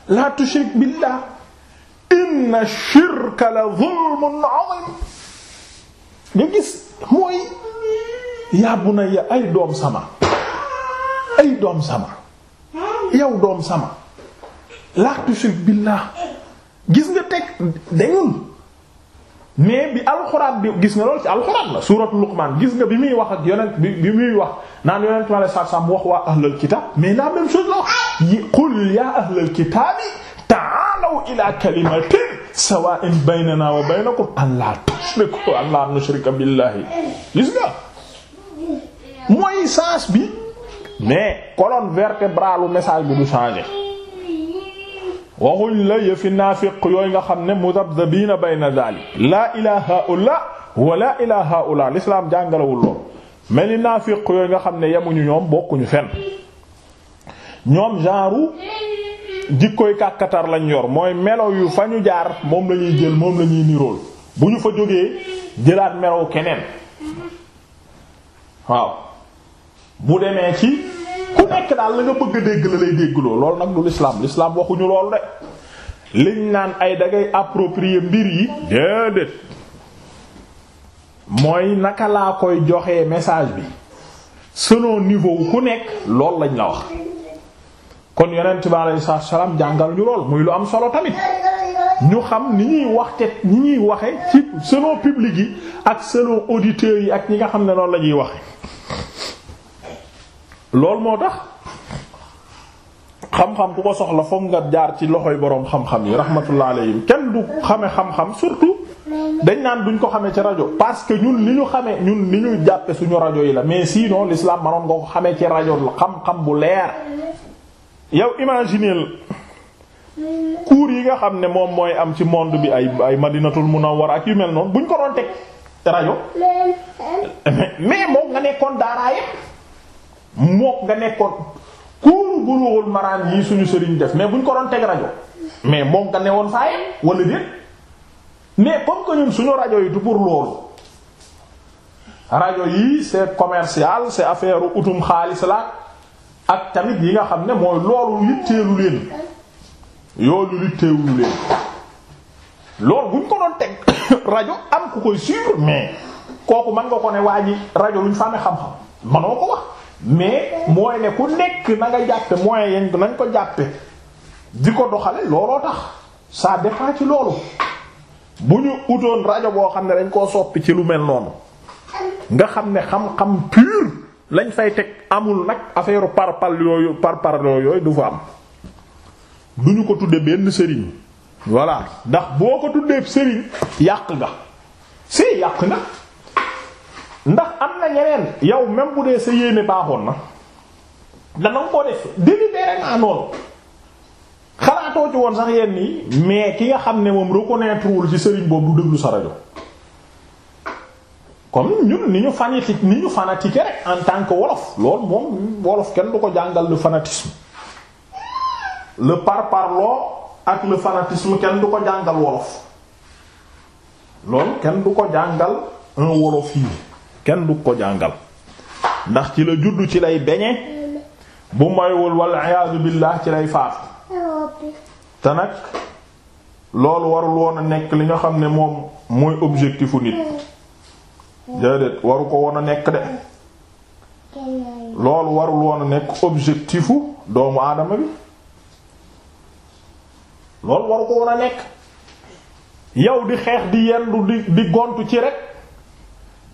laa tushrik billah inna shirka la zulmun azim nga gis mooy yaa bunayya ay doom sama ay doom sama yow doom sama laa tushrik billah gis nga teg dañun mais bi alxuraan bi gis nga lool ci alxuraan la suuratu Luqmaan gis nga bi muy wax ak yonent bi muy wax naan yonent ma la sax sax mu wax waa ahlal kitaab mais la même chose la wax qul yaa ahlal kitaabi ta'aalaw ilaa kalimatin sawaa'in baynanaa wa baynakum allaa tushriku allaa nushrika billaahi gis nga mooy sens bi mais colonne vertébrale message bu du changer waxuñ la yëfi naafiq yooyu nga xam ne mudabdabiina bayna daalik laa ilaa haula wa laa ilaa haula lislaam jàngalawul lool mel ni naafiq yooyu nga xam ne yamuñu ñoom bokkuñu fen ñoom genre jikkooy kàkkatar lañu yor mooy melo yu fa ñu jaar moom lañuy jël moom la ñuy nirool bu ñu fa jógee jëlaat melow keneen waaw bu demee ci ku nekk daal la nga bëgg a dégg la lay déggloo loolu nag du l'islam l'islam waxuñu lool de liñ naan ay dangay approprier mbir yi déedéet mooy naka laa koy joxe message bi selon niveau ku nekk loolu lañ la wax kon yonent bi alayhi salaatu salaam jàngal ñu lool muy lu am solo tamit ñu xam ni ñuy waxte ñi ñuy waxe ci selon yi ak selon auditeurs yi ak ñi nga xam ne noonu la ñuy waxe loolu moo tax xam-xam ku ko soxla fokk nga jaar ci loxoy boroom xam-xam yi rahmatullah alayhim kenn du xame xam-xam surtout dañ naan duñ ko xamee ci rajo parce que ñun li xamee ñun li ñu jàppe suñu rajo yi la mais sinon l'islam manoon nga xamee ci rajo xam-xam bu leer yow imagineel cours yi nga xam ne moom mooy am ci monde bi ay ay madinatul war ak yu mel noonu buñ ko doon teg rajo mais euh, moom nga nekkoon daaraayam mook nga nekkoon kuuru bulughul maraan yi suñu sëriñ def mais bu buñ ko doon teg rajo mais mook nga newoon faayam wala déet mais comme que suñu rajo yi du pour loolu yi c'est commercial c'est affaire utum xaalis la ak tamit yi nga xam ne mooy loolu litteelu leen yoolu loolu buñ ko rajo am ku koy mais kooku mën nga ko ne waa ji rajo luñ fa amee xam-xam mënoo ko wax mais mooy ne ku nekk na nga jàppe moyen yen nañ ko jàppe di ko doxale looloo tax saa dépend ci loolu bu ñu utoon rajo boo xam ne dañ koo soppi ci lu mel noonu nga xam ne xam-xam pur lañ fay teg amul nag affaire parpal yooyu parpal yooyu du fa am du ñu ko tudde benn sëriñ voilà ndax boo ko tuddee sëriñ yàq nga si yàq na ndax am na ñeneen yow même bu dee sa yéene baaxoon na danañ ko def délibérément noonu xalaatoo ci woon sax yenn yi mais ki nga xam ne moom reconnaître wul ci sëriñ boobu du déglu sa rajo comme ñun ni ñu fanatique ni ñu fanatique rek en tant que wolof loolu moom wolof kenn du ko jàngal le fanatisme le parparloo ak le fanatisme kenn du ko jàngal wolof loolu kenn du ko jàngal un wolof yi kenn du ko jàngal ndax ci la juddu ci lay beñe bu maywul walla iyaatu billaah ci lay faatu te nag loolu warul woon a nekk li nga xam ne moom mooy objectifu nit waru ko woon a nekk de loolu warul woon a nekk objectifu doomu aadama bi loolu waru ko woon a nekk yow di xeex di yendu di di gontu ci rek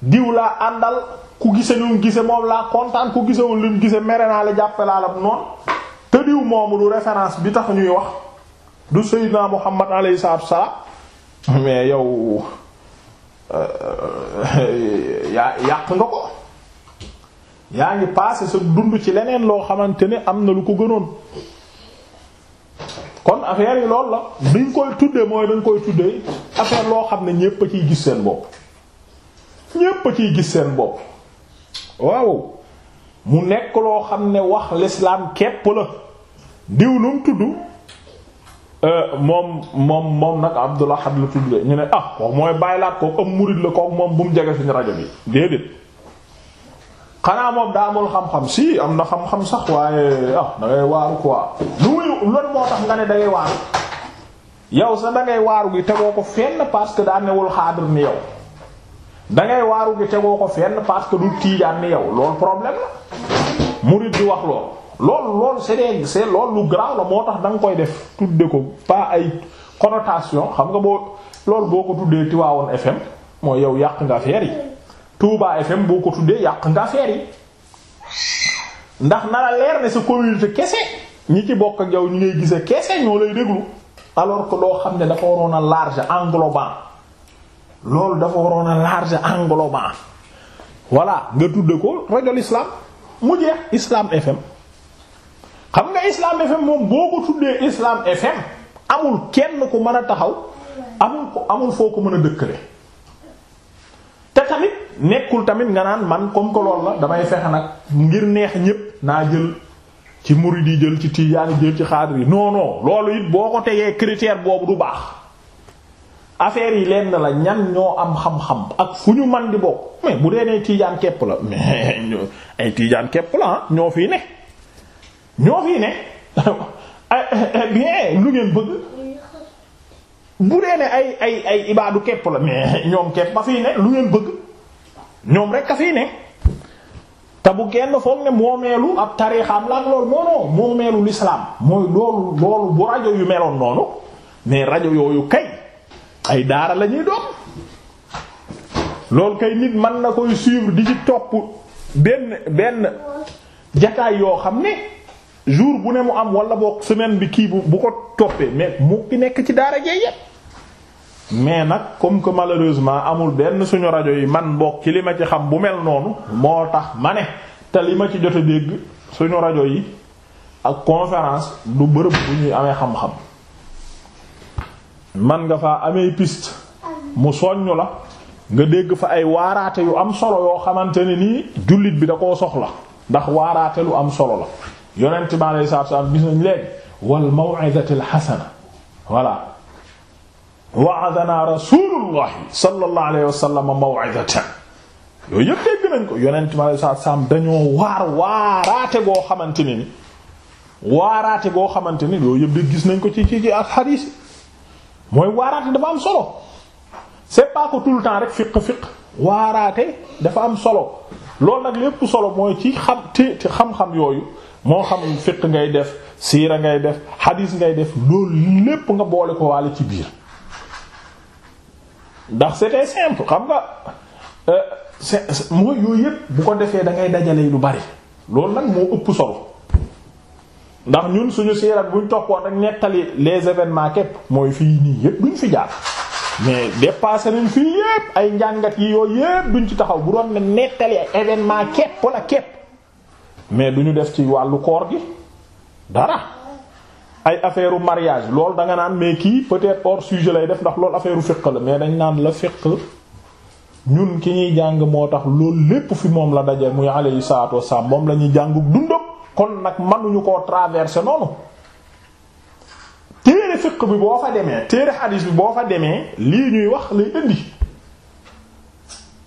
diw laa àndal ku gise lu mu gise moom laa kontaan ku gisewul lu mu gise mere naa la jàppe laa la noonu te diw moomu du référence bi tax ñuy wax du Seydina Muhammad alayhi salaatu wassalaam mais yow euh, yaa yàq nga ko yaa ngi passé sa dund ci leneen loo xamante ni am na lu ko gënoon kon affaire yi loolu la biñ koy tuddee mooy dañ koy tuddee affaire loo xam ne ñépp a ciy gis seen bopp ñépp a ciy gis seen bopp waaw mu nekk loo xam ne wax lislaam képp la diw lu euh, moom moom moom nag Abdul Ahad la tudd ñu ne ah kooku mooy bàyyilaat kooku am murid la kooku moom bu mu jege suñu rajo bi déedéet xanaa moom daa amul xam-xam si am na xam-xam sax waaye ah da ngay waaru quoi lu muy loolu moo tax nga ne da ngay waaru yow sax da ngay waaru gi tegoo ko fenn parce que daa newul xaadir ni yow da ngay waaru gi tegoo ko fenn parce que du tiijaan ni yow loolu problème la murid di wax lool loolu loolu c'est des c'est loolu lu grave la moo tax danga koy def tudde ko pas ay connotation xam nga boo loolu boo ko tuddee Tivaouane FM mooy yow yàq nga affaire yi Touba FM boo ko tuddee yàq nga affaire yi ndax nara leer ne sa communauté kese ñi ci bokk ak ñi ñu ngay gise kese ñoo lay déglu alors que loo xam ne dafa waroon a large englobant loolu dafa waroon a large englobant voilà nga tudd ko rajo l'islam mu jeex islam fm xam nga islam fm moom boo ko tuddee islam fm amul kenn ku mën a taxaw amul ko amul foo ko mën a dëkkale te tamit nekkul tamit nga naan man comme que loolu la damay fexe nag ngir neex ñépp naa jël ci murid yi jël ci tijaani jël ci xaadir yi non loolu it boo ko tegee critère boobu du baax affaire yi lenn la ñan ñoo am xam-xam ak fu ñu man di bokk mais bu dee ne la mais ay tiijaan la ñoo fii ne ñoo eh, eh, ay ibaadu kepp la mais ñoom kepp ba fii ne lu ngeen bëgg ñoom rek a fii ne te bu kenn foog ne moomeelu ab tariixam la ak loolu non non moomeelu l'islam mooy loolu loolu bu rajo yu meloon noonu mais rajo yooyu kay ay daara la ñuy doon loolu kay nit mën na koy suivre di ci topp benn benn jataay yoo xam ne jour bu ne mu am wala bokk semaine bi kii bu bu ko toppee mais mu ki nekk ci daara jee yépp mais nag comme que malheureusement amul benn suñu rajo yi man bokk ci li ma ci xam bu mel noonu moo tax ma ne te li ma ci jot a dégg suñu rajo yi ak conférence du bërëb bu ñuy amee xam-xam man nga faa amee piste mu soññ la nga dégg fa ay waaraate yu am solo yoo xamante ne nii jullit bi da koo soxla ndax waaraate lu am solo la yonent bi alayhi bi salaam gis nañ léegi wal maw'izatil hasana voilà wa'adana rasulullahi sallallahu alayhi wa sallam yëpp nañ ko yonent bi alayhi salaatu salaam dañoo waar waaraate goo xamante ne ni waaraate goo xamante ni yooyu yëpp gis nañ ko ci ci ci mooy waaraate dafa am solo c'est pas que tout le temps rek fiq fiq waaraate dafa am solo loolu nag lépp solo mooy ci xam te xam-xam yooyu moo xam fiq ngay def siira ngay def hadis ngay def loolu lépp nga boole ko waale ci biir ndax c'était simple xam nga euh, c'est mooy yooyu yépp bu ko defee da ngay dajale lu bari loolu nag moo ëpp solo ndax ñun suñu sirat buñ toppoon rek nettali les événements képp mooy fii nii yépp duñ fi jaar mais dépassé nañ fii yépp ay njàngat yi yooyu yépp duñ ci taxaw bu doon ne nettali ay événement képp la képp mais duñu def ci wàllu koor gi dara ay affaire u lool loolu da nga naan mais kii peut-être hors sujet lay def ndax loolu affaire u la mais dañ naan la fiqh ñun ki ñuy jàng moo tax loolu lépp fi moom la daje muy alayhi saato wasalaam moom la ñuy jàngu dundam kon nag mënuñu koo traverser noonu téere fiqh bi boo fa demee téere hadis bi boo fa demee lii ñuy wax lay indi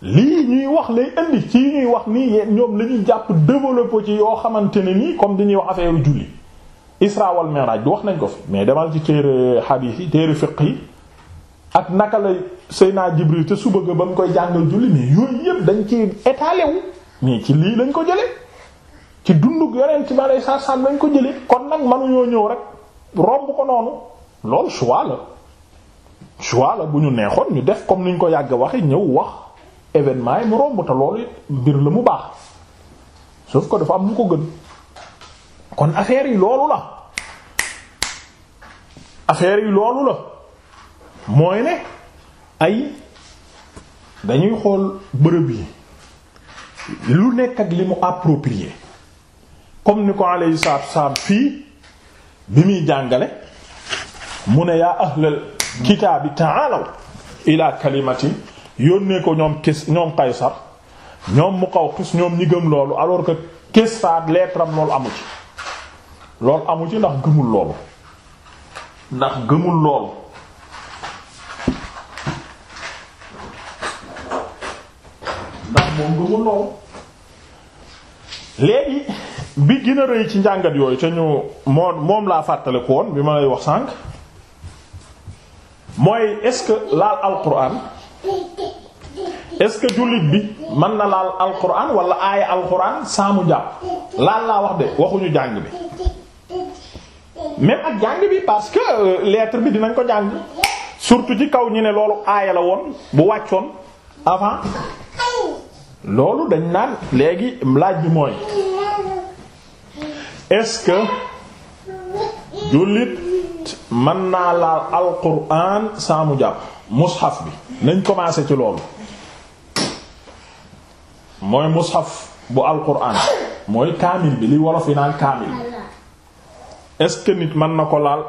lii ñuy wax lay indi ci ñuy wax nii ñoom la ñuy jàpp développer ci yoo xamante ne nii comme dañuy wax affaire julli isra wal mi'raj du wax nañ ko fi mais demal ci téere hadis yi téere fiqh yi ak naka la naa Jibril te suba ga ba mu koy jàngal julli mais yooyu yëpp dañ ci étalé wu mais ci lii lañ ko jëlee. ci dundug yonent bi aleyhi salaatu salaam lañ ko jëlee kon nag mënuñoo ñëw rek romb ko noonu loolu choix la choix la bu ñu neexoon ñu def comme niñ ko yàgg waxe ñëw wax événement yi mu romb te loolu mbir la mu baax sauf ko dafa am lu ko gën kon affaire yi loolu la affaire yi loolu la mooy ne ay dañuy xool bërëb yi lu nekk ak li mu approprié comme ni ko alayhi salaatu wasalaam fii bi muy jàngale mu ne yaa ahlal kitaabi ta'aalaw ilaa kalimatin yónnee ko ñoom kis ñoom Qaysar ñoom Muqawqis ñoom ñi gëm loolu alors que Kisra lettre am loolu amu ci loolu amu ci ndax gëmul loolu ndax gëmul loolu ndax moom gëmul loolu léegi bi gën a rëy ci njàngat yooyu te ñu moom moom laa fàttale ko woon bi ma lay wax sànq mooy est-ce que laal alquran est-ce que jullit bi mën na laal alquran wala aaya alquran saa mu jàpp
laal laa wax de waxuñu jàng bi même
ak jàng bi parce que euh, lettre bi dinañ ko jàng surtout ci kaw ñu ne loolu aaya la woon bu wàccoon avant loolu dañ naan léegi laaj bi mooy est-ce que jullit mën naa laal alquran saa mu jàpp mushaf bi nañ commencé ci loolu mooy mushaf bu alquran mooy kaamil bi li wolof yi naan kaamil est-ce nit mën na ko laal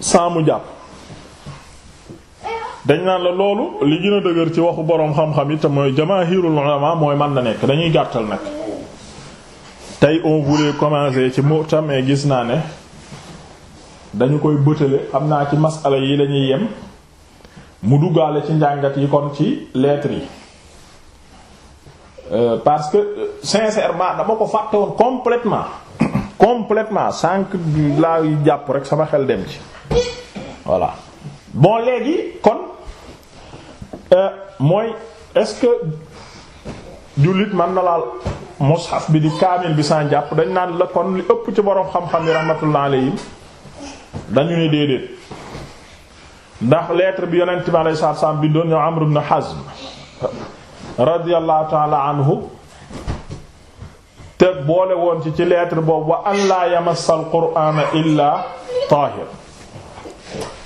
saa jàpp dañ naan la loolu li gën a dëgër ci waxu boroom xam-xam yi te mooy jamaahirul ulama mooy man na nekk dañuy gàttal nag tey on voulait commencer ci Mu'tam mais gis naa ne dañu koy bëtale xam naa ci masala yi lañuy yem mu duggaale ci njàngat yi kon ci lettres yi euh, parce que euh, sincèrement dama ko fàtte woon complètement complètement sànq laa jàpp rek sama xel dem ci voilà bon léegi kon Euh, mooy est-ce que jullit man na laal mushaf bi di kaamil bi sans jàpp dañ naan la kon li ëpp ci boroom xam-xam yi rahmatullah alayhim dañu ne déedéet ndax lettre bi yonent bi alayhi salaatu salaam bi doon ñoo Amr ibn Hazm radiyallahu ta'ala anhu te boole woon ci ci lettre boobu wa an la yamassal qur'ana illa tahir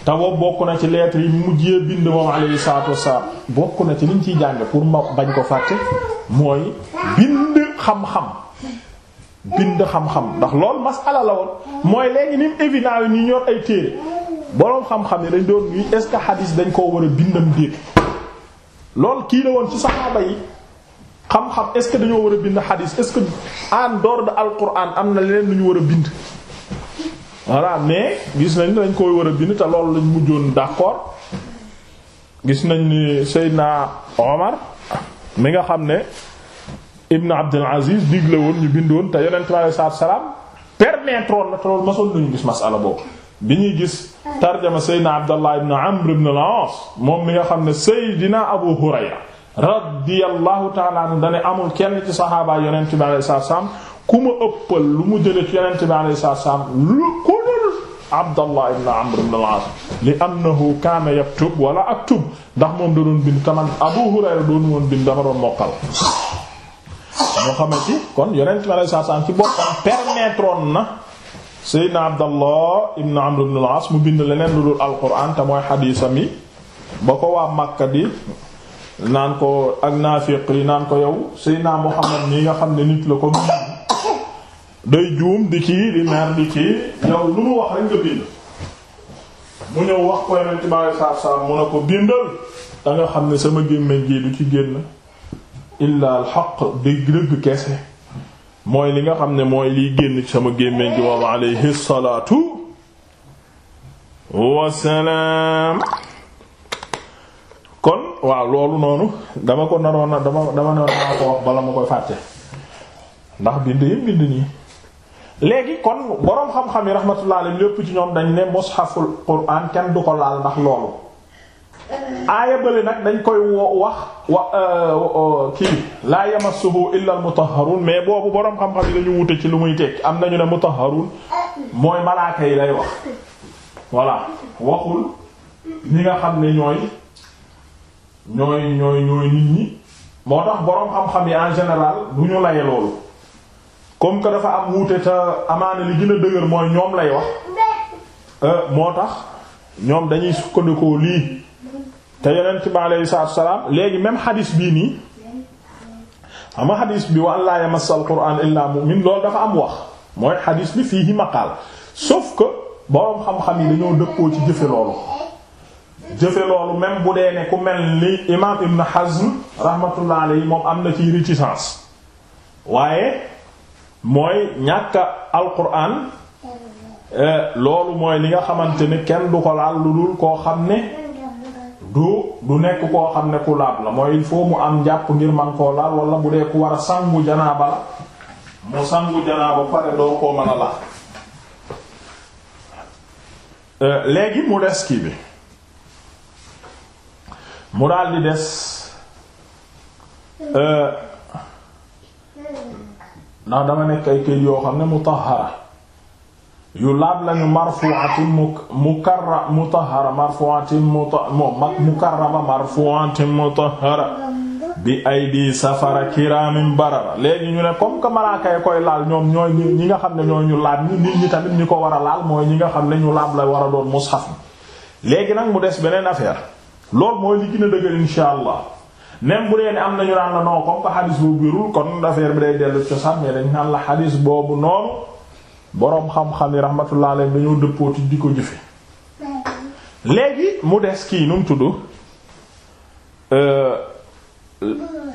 te boobu bokk na ci lettre yi mujjee bind moom alayhi salaatu wassalaam bokk na ci liñ ciy jàng pour ma bañ ko fàtte mooy bind xam-xam bind xam-xam ndax lool masala la woon mooy léegi ni mu évident yi ñu ñor ay téere boroom xam-xam ne dañ doon ñuy est-ce que hadis dañ koo war a bindam déet loolu kii la woon ci saxaaba yi xam-xam est-ce que dañoo war a bind hadis est-ce que en dehors de am na leneen lu ñu war a bind. voilà mais gis nañ dañ koy war a bind te loolu lañ mujjoon d'accord gis nañ ni Seydina Omar mi nga xam ne Ibn Abdul Aziz digle woon ñu bindoon te yonent bi alayhi salaatu salaam permettre woon na te loolu masoon nañu gis masala boobu bi ñuy gis tarjama Seydina Abdallah ibn Amr ibn al moom mi nga xam ne Seydina Abu Hurayra radiyallahu ta'ala anhu dane amul kenn ci saxaabaa yonent bi alayhi salaatu salaam ku ma ëppal lu mu jële ci yonent bi alayhi salaatu salaam Abdallah ibn Amr ibn al-As li annahu kaana yaktub wala aktub ndax moom da doon bind taman Abu Hurayra doon woon bind dama mokkal moo xamante kon yonent mi alayhi salaam ci boppam permettroon na Seydina Abdallah ibn Amr ibn al mu bind leneen lu dul alquran te mooy xadiisa mi ba ko waa Makka di naan ko ak naafiq yi naan ko yow Seydina Muhammad nii nga xam ne nit la ko day juum ci kii di mer di kii yow lu mu wax rek nga bind mu ñëw wax ko yonent bi alei satu salaam mu ne ko bindal da xam ne sama gémmiñ gi du ci génn illa al dëgg dëgg kese mooy li nga xam ne mooy liy génn sama gémmiñ gi moom alayhi salaatu kon waaw loolu noonu dama ko naroon na dama dama naroon naa ko wax bala ma koy fàtte ndax bind yi bind nii léegi kon boroom xam-xam yi rahmatullah alayhi lépp ci ñoom dañ ne mushaful qur'an kenn du ko laal ndax loolu aaya bële nag dañ koy wax wa euh, euh, kii laa yamassuhu illa al mutahharun mais boobu boroom xam-xam yi dañu wute ci lu muy tekki am nañu ne mutahharun mooy malaaka yi lay wax voilà waxul ñi nga xam ne ñooy ñooy ñooy ñooy nit ñi moo tax boroom xam-xam yi en général du ñu laye loolu comme que dafa am wuute te amaana li gën a dëgër mooy ñoom lay wax euh, moo tax ñoom dañuy sukkandikoo lii te yonent bi aleyhi salaatu salaam léegi même xadis bii nii ama xadis bi wa an laa yamassa al quran illa mu'min loolu dafa am wax mooy xadis bi fiihi maqaal sauf que boroom xam-xam yi dañoo dëppoo ci jëfe loolu jëfe loolu même bu dee ne ku mel ni imam ibn Hazm rahmatullah alayhi moom am na ci réticence waaye mooy ñàkka alquran eh, loolu mooy li nga xamante ne kenn du ko laal lu dul koo xam ne du du nekk koo xam ne ku laab la mooy il faut mu am njàpp ngir man laal wala bu dee ku war a sangu janaaba la mu sangu janaaba pare doo koo mën a laal eh, léegi mu des kii bi mu daal di des. Eh, ndax dama nekk ay këyit yoo xam ne mutahara yu laab lañu marfu'atin mukarrama mutahara marfu'atin mukarrama marfu'atin mutahara bi aydi safara kiraamin barara léegi ñu ne comme que malaaka yi koy laal ñoom ñooy ñi nga xam ne ñooy ñu laab ñi nit ñi tamit ñi ko war a laal mooy ñi nga xam ne ñu laab la war a doon mushaf léegi nag mu des beneen affaire loolu mooy li gën a dëgër insha même bu dee ne am nañu naan la non comme que xadis bu birul kon affaire bi day dellu cosaan mais dañ naan la xadis boobu noonu boroom xam-xam yi rahmatullah alayhi dañoo dëppooti di ko jëfe léegi mu des kii nu mu tudd euh,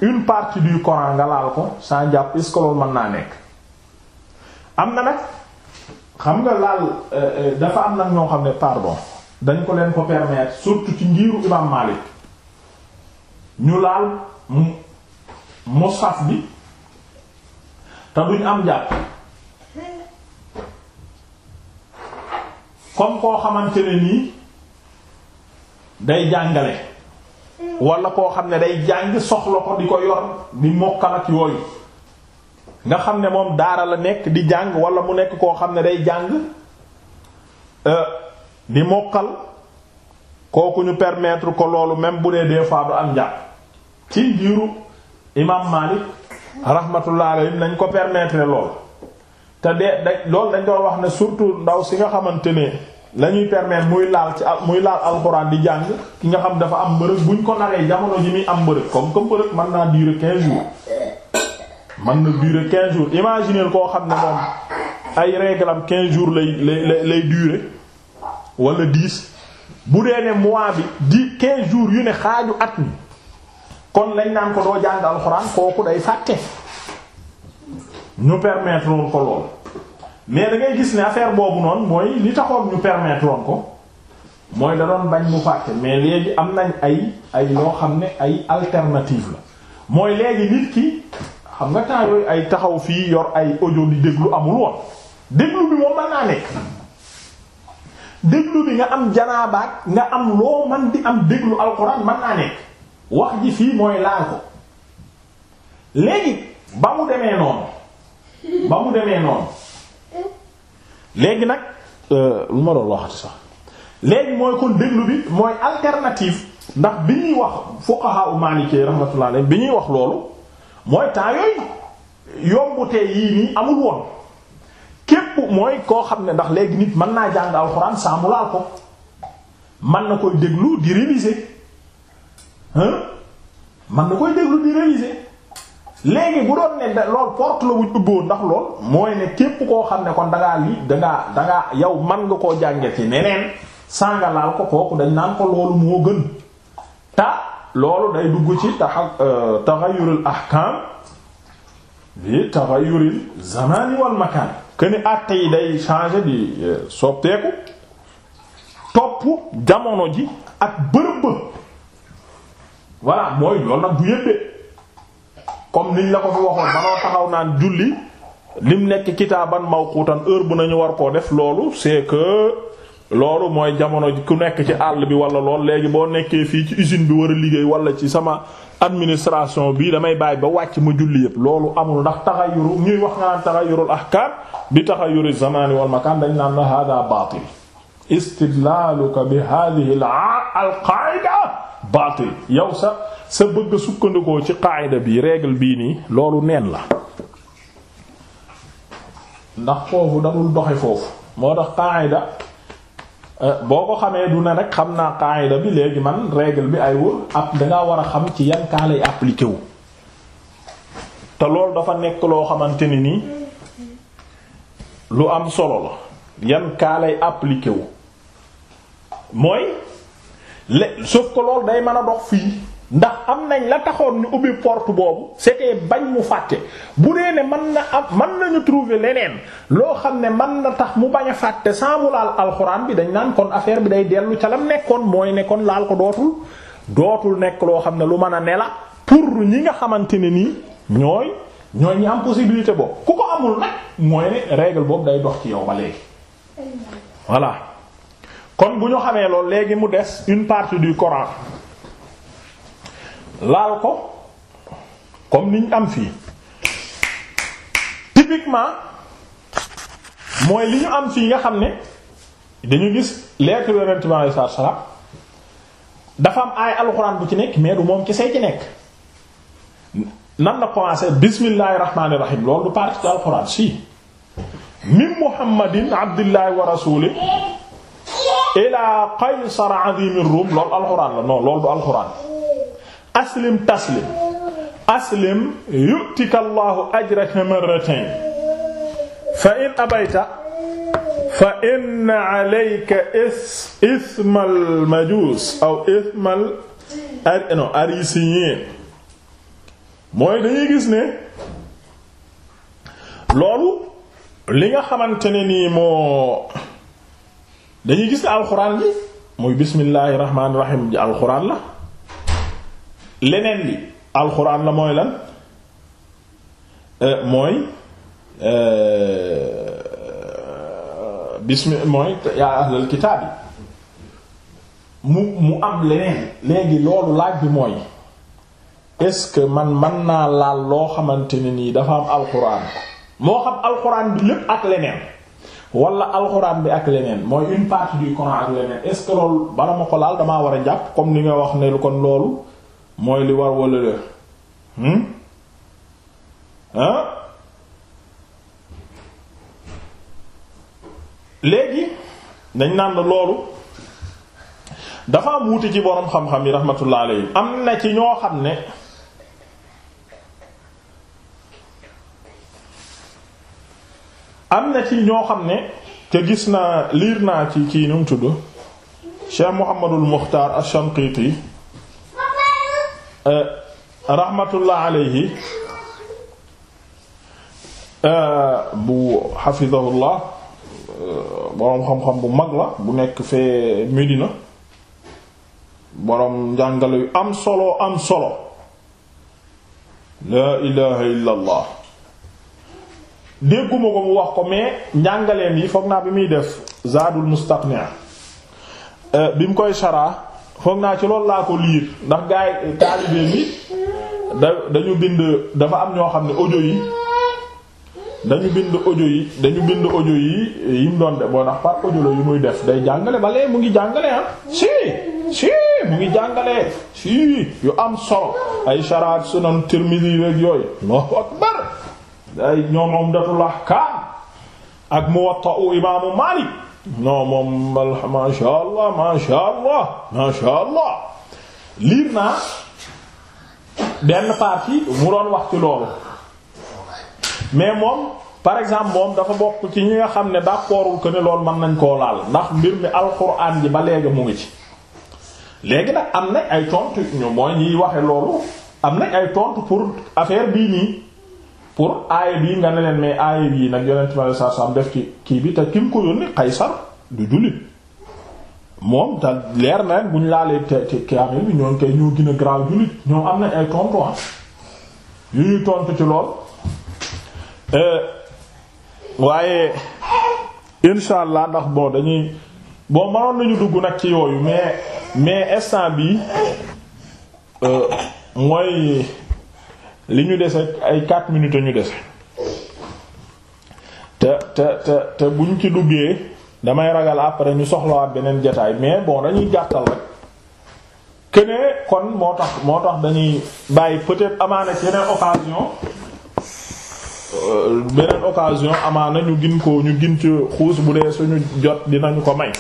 une partie du Coran nga laal ko sa jàpp est-ce mën naa nekk am na nag xam nga laal euh, euh, dafa am nag ñoo xam ne pardon dañ ko leen ko permettre surtout ci ngiiru imam Malik ñu laal mushaf bi te duñ am jàpp comme koo xamante ne nii day jàngale walla koo xam ne day jàng soxla ko di ko yor di mokkal ak yooyu nga xam ne moom daara la nekk di jàng wala mu nekk koo xam ne day jàng euh, di mokkal kooku ñu permettre ko loolu même bu dee des fois du am jàpp ci njiiru imaam Maalik rahmatullah alayhi nañ ko de da loolu dañ doon wax ne surtout ndaw si nga xamante ne la permettre muy laal ci muy laal alxuraan di jàng ki xam dafa am mbërëg buñ ko naree jamono ji muy am mbërëg comme que mbërëg naa durer 15 mën na durer 15 jours imaginer koo xam ne moom ay réglam 15 jours lay lay lay durer wala 10 bu dee ne mois bi di 15 jours yu ne xaaju at mi. kon lañ naan ko doo jàng alxuraan kooku day fàtte ñu permettre woon ko lool mais dangay gis ne affaire boobu noonu mooy li taxoon ñu permettre woon ko mooy da doon bañ mu fàtte mais léegi am nañ ay ay loo xam ne ay alternative la mooy léegi nit ki xam nga temps yooyu ay taxaw fii yor ay audio di déglu amul woon déglu bi moom mën naa nekk déglu bi nga am janaabaat nga am loo man di am déglu alxuraan mën naa nekk. wax ji fii mooy laal ko léegi ba mu demee noonu ba mu demee noonu léegi nag euh, lu ma doon waxati sax léegi mooy kon déglu bi mooy alternative ndax bi ñuy wax fuqaha u Maliki rahmatullah alayhi bi ñuy wax loolu mooy temps yooyu yombutee yii nii amul woon képp mooy koo xam ne ndax léegi nit mën naa jàng alxuraan saa mu laal ko mën na koy déglu di réviser man na koy déglu di réviser léegi bu doon ne lool porte la wuñ ubboon ndax lool mooy ne képp koo xam ne ko dangaa li dangaa dangaa yow man nga koo jànge ci neneen sàngalaal ko kooku dañ naan ko loolu moo gën ta loolu day dugg ci taxa euh, taxayurul ahkam bi taxayuril zamani wal makan këni àtte yi day changer di euh, soppeeku topp jamono ji ak bërëb voilà mooy loolu nag du yëpp comme niñ la ko fi waxoon manoo taxaw naan julli lim nekk kitaaban mawqutan heure bu nañu war koo def loolu c'est que loolu mooy jamono ku nekk ci àll bi wala lool léegi boo nekkee fii ci usine bi war a liggéey wala ci sama administration bi damay bàyyi ba wàcc ma julli yëpp loolu amul ndax taxayuru ñuy wax nga naan taxayurul ahkam bi taxayuri zamani wal makan dañ naan la hada baatil istidlaaluka bi hadhihi al qaida baatil yow sa sa bëgg sukkandikoo ci qaida bi régle bii nii loolu neen la ndax foofu darul doxe foofu moo tax qaida eh, boo ko xamee du ne rek xam naa qaida bi léegi man règle bi ay wër ab dangaa war a xam ci yan kaa lay appliqué wu te loolu dafa nekk loo xamante ni nii lu am solo la yan kaa lay appliqué wu mooy le sauf que loolu day mën a dox fii ndax am nañ la taxoon ñu ubbi porte boobu c'était bañ mu fàtte bu dee ne mën na am mën nañu trouver leneen loo xam ne mën na tax mu bañ a fàtte sans laal alxuraan bi dañ naan kon affaire bi day dellu ca lam nekkoon mooy ne kon laal ko dootul dootul nekk loo xam ne lu mën a ne la pour ñi nga xamante ne nii ñooy ñooy ñi am possibilité boobu ku ko amul nag mooy ne règle boobu day dox ci yow ba léegi voilà. kon bu ñu xamee lool léegi mu des une partie du Coran laal ko comme niñ am fii typiquement mooy li ñu am fii nga xam ne dañu gis lettre Yonent de alayhi salaatu am ay alxuraan bu ci nekk mais du moom kese ci nekk nan la commencé bismillahi rahmaani rahim loolu du partie ci alxuraan si min Muhammadin abdillahi wa rasuulihi ilaa qaysar azimir rum loolu alxuraan la non loolu du alxuraan aslim taslim aslim yu'tika allahu ajraka marratayn fa in abayta fa inna alayka ismal majuus aw ismal eh, arisiyin mooy dañuy gis ne loolu li nga xamante ne nii moo dañuy gis ne alxuraan gi muy bismillaahi rahmaani rahiim ji alxuraan la leneen li alxuraan la mooy lan euh, mooy euh, bismi mooy yaa ahlal kitaab mu mu am léegi loolu laaj bi mooy est-ce que man mën naa laal loo xamante ne nii dafa am alxuraan moo xam alxuraan bi lépp ak leneen wala alxuraan bi ak leneen mooy une partie du Coran ak leneen est bala ma ko laal damaa war a jàpp comme ni nga wax ne kon loolu mooy li war wala léer ah hmm? léegi dañ naan la loolu dafa am wuute ci borom xam-xam yi rahmatullah alayhi am na ci ñoo xam ne am na ci ñoo xam ne te gis naa liir naa ci kii nu mu tudd Cheikh Muhammadul Mukhtar Ash-Shanqiti euh, rahmatullah alayhi euh, bu hafizahullah euh, boroom xam-xam bu mag la bu nekk fee Medina boroom njàngale yu am solo am solo la ilaha illallah dégguma ko mu wax ko mais njàngaleem yi foog naa bi muy def Zadul Mustaqni' eh, bi mu koy sharaa foog naa ci loolu laa ko liir ndax gaa yi taalibeem yi da dañu bind dafa am ñoo xam ne ojo yi dañu bind audio yi dañu bind ojo yi yi mu doon de boo ndax par audio la yu muy def day jàngale ba lee mu ngi jàngale ah si si mu ngi jàngale si yu am solo ay sharaat sunan Tirmidhi rek yooyu Allahu akbar ay ñoom Umdatul Ahkaam ak Muwatta imaamu Maalik non moom masha Allah masha Allah masha Allah liir naa benn partie mu doon wax ci loolu mais moom par exemple moom dafa bokk ci ñi nga xam ne d'accordul ko ne lool mën nañ koo laal ndax mbir mi alxuraan ji ba léegi mu ngi ci léegi nag am na ay tontu ñu mooy ñiy waxe loolu am na ay tontu pour affaire bii nii pour aaya bii nga ne leen mais aaya bii nag yonent ma saa saam def ci kii bi te kim ko yónni Qaysar du jullit moom te leer na buñ bu ñu laalee te te kaamil bi ñoom kay ñoo gën a garaaw jullit ñoom am na ay tontu ah. yu ñuy tontu ci lool euh, waaye insha allah ndax boo dañuy bon mënoon nañu dugg nag ci yooyu mais mais instant bi euh, mooy li ñu dese ay 4 minutes ñu dese te te te te buñ ci duggee damay ragal après ñu soxlawaat beneen jataay mais boo dañuy gàttal rek kene kon moo tax moo tax dañuy bàyyi peut-être amaana ci yeneen occasion euh, beneen occasion amaana ñu gin ko ñu gin ci xuus bu dee suñu jot dinañu ko may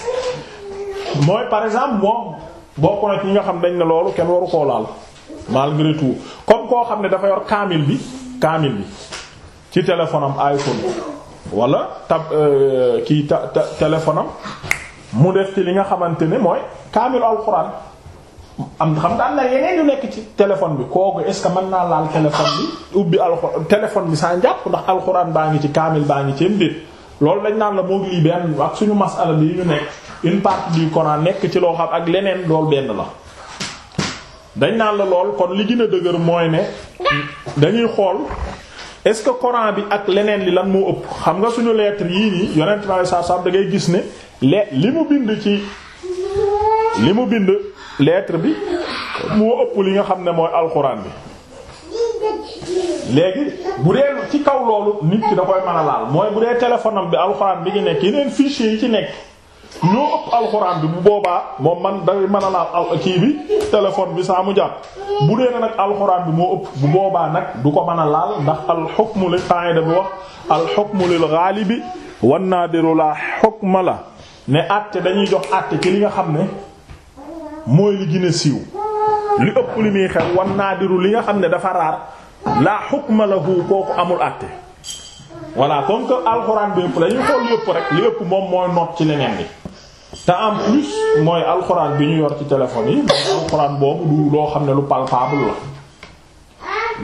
mooy par exemple moom bokk na ci ñi nga xam dañ ne loolu kenn waru koo laal. malgré tout comme koo xam ne dafa yor kaamil bi kaamil bi ci téléphone am iPhone wala tab euh, kii ta téléphone am mu def ci li nga xamante ne mooy kaamil alxuraan am xam nga am na yeneen yu nekk ci téléphone bi kooku est ce que mën naa laal téléphone bi ubbi alxuraan téléphone bi saa njàpp ndax alxuraan baa ngi ci kaamil baa ngi ci mbir loolu dañ naan la moog lii benn ak suñu masala bi yu ñu nekk une partie du nekk ci loo xam ak leneen loolu benn la. dañ naan la lool kon li gën a dëgër mooy ne dañuy xool est-ce que Coran bi ak leneen li lan moo ëpp xam nga suñu lettre yii nii yonent bi saa saa da ngay gis ne le li mu bind ci li mu bind lettre bi moo ëpp li nga xam ne mooy alxuraan bi. léegi bu dee ci kaw loolu nit ki da koy mën a laal mooy bu dee téléphone am bi alxuraan bi ci nekk yeneen fichier yi ci nekk. ñoo ëpp alxuraan bi bu boobaa moom man day mën a laal kii bi téléphone bi saa mu jàpp bu dee nag alxuraan bi moo ëpp bu boobaa nag du ko mën a laal ndax alxukmu li qaida bi wax alxukmu lil gaalibi wan la xukma la ne àtte dañuy jox àtte li nga xam ne mooy li siiw li ëpp li muy xew wan naadiru li nga xam ne dafa raar la xukma lahu kooku amul àtte voilà comme que alxuraan bi ëpp la ñuy xool li rek li ëpp moom mooy noot ci leneen bi te en plus mooy alxuraan bi ñu yor ci téléphone yi mooy alxuraan boobu loo xam ne lu palpable la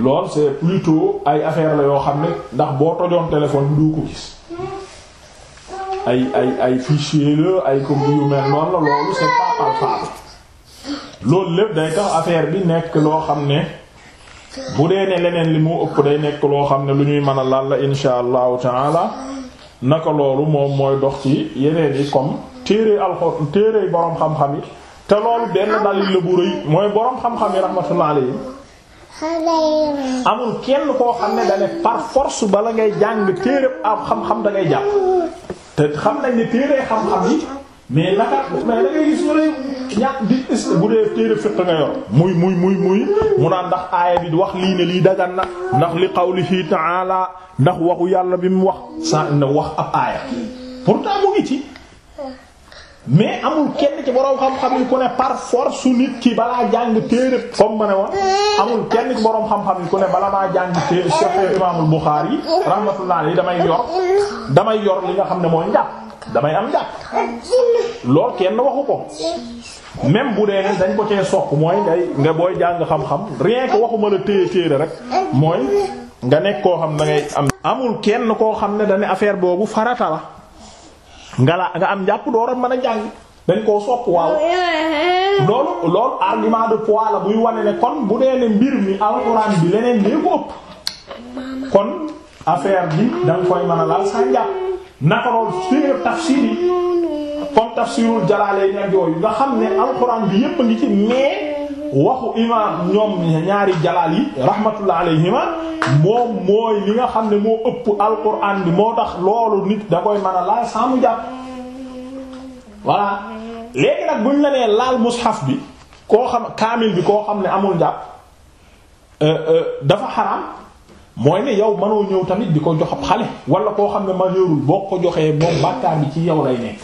lool c'est plutôt ay affaire la yoo xam ne ndax boo tojoon téléphone bi doo ko gis ay ay ay fichier la ay comme yu mel noonu la loolu c'est pas loolu lépp day tax affaire bi nekk loo xam ne bu dee ne leneen li mu ëpp day nekk loo xam ne lu ñuy mën a laal la insha allahu taala naka loolu moom mooy dox ci yeneen yi comme. téere alxo téere borom xam-xam yi te loolu benn dalil la bu rëy mooy borom xam-xam yi rahmatullah alayhi amul kenn koo xam ne da ne par force bala ngay jàng téere ab xam-xam jàpp te xam nañ ne téere xam mais naka mais bu dee téere fiqh nga yor muy muy muy muy mu naan ndax aaya bi wax lii ne lii dagan na ndax li li qawlihi ta'ala ndax waxu yàlla bi mu wax sa na wax ab aaya pourtant mu ngi ci. mais amul kenn ci boroom xam-xam yi ku ne par su nit ki balaa jàng téere comme ma ne woon amul kenn ci boroom xam-xam yi ku ne bala maa jàng téere damay yor damay yor li nga xam ne mooy damay am kenn waxu ko même bu dee dañ ko cee mooy ngay jàng xam-xam rien que waxuma la téye téere rek mooy nga nekk koo xam da am. amul kenn koo xam ne dañ affaire boobu farata la. nga la am jàpp door a mën a jàng dañ koo sopp waaw loolu loolu argument de poids la buy wane ne kon bu dee ne mbir mi alxuraan bi leneen lee ko kon affaire bi danga koy mën a lal sa njàpp naka loolu suñu yi tafsirul jalaale ña jooyu nga xam ne alxuraan bi yépp ngi ci mais waxu imaam ñoom ñaari jalaal yi alayhima moom mooy li nga xam ne moo ëpp alquran bi moo tax loolu nit da koy mën a laal saa mu jàpp voilà léegi nag buñ la nee laal mushaf bi koo xam kaamil bi koo xam ne amul jàpp euh, euh, dafa xaraam mooy ne yow mënoo ñëw tamit bi ko jox ab xale wala koo xam ne ma majorul boo ko joxee moom bàkkaar bi ci yow lay nekk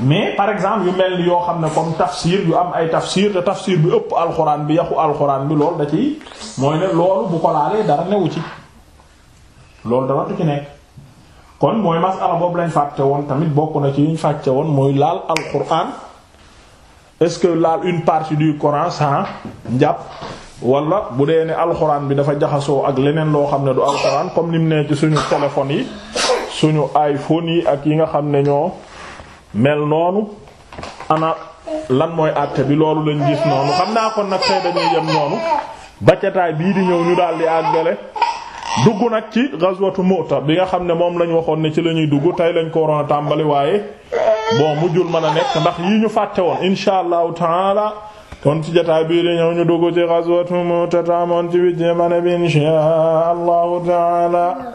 mais par exemple yu mel ni yoo xam ne comme tafsir yu am ay tafsir te tafsir bi ëpp alxuraan bi yaxu alxuraan bi loolu da ci mooy ne bu ko laalee dara ci loolu dara tu ci nekk kon mooy masala boobu lañ fàtte woon tamit bokk na ci ñu fàtte woon mooy laal alxuraan est-ce que laal une partie du Coran sans njàpp wala bu dee ne alxuraan bi dafa jaxasoo ak leneen loo xam ne du alxuraan comme ni mu nee ci suñu téléphone yi suñu iPhone yi ak yi nga xam ne ñoo. mel noonu ana lan mooy àtte bi loolu lañ gis noonu xam naa kon nag tey dañuy yem noonu baccataay bii di ñëw ñu daal di àggale dugg nag ci ghazwatu Mu'ta bi nga xam ne moom lañ waxoon ne ci la ñuy dugg tey lañ ko waroon tàmbali waaye bon mujjul mën a nekk ndax yi ñu fàtte woon insha allahu taala kon ci jotaay bii di ñëw ñu dugg ci ghazwatu Mu'ta amoon ci huitième année bi insha allahu taala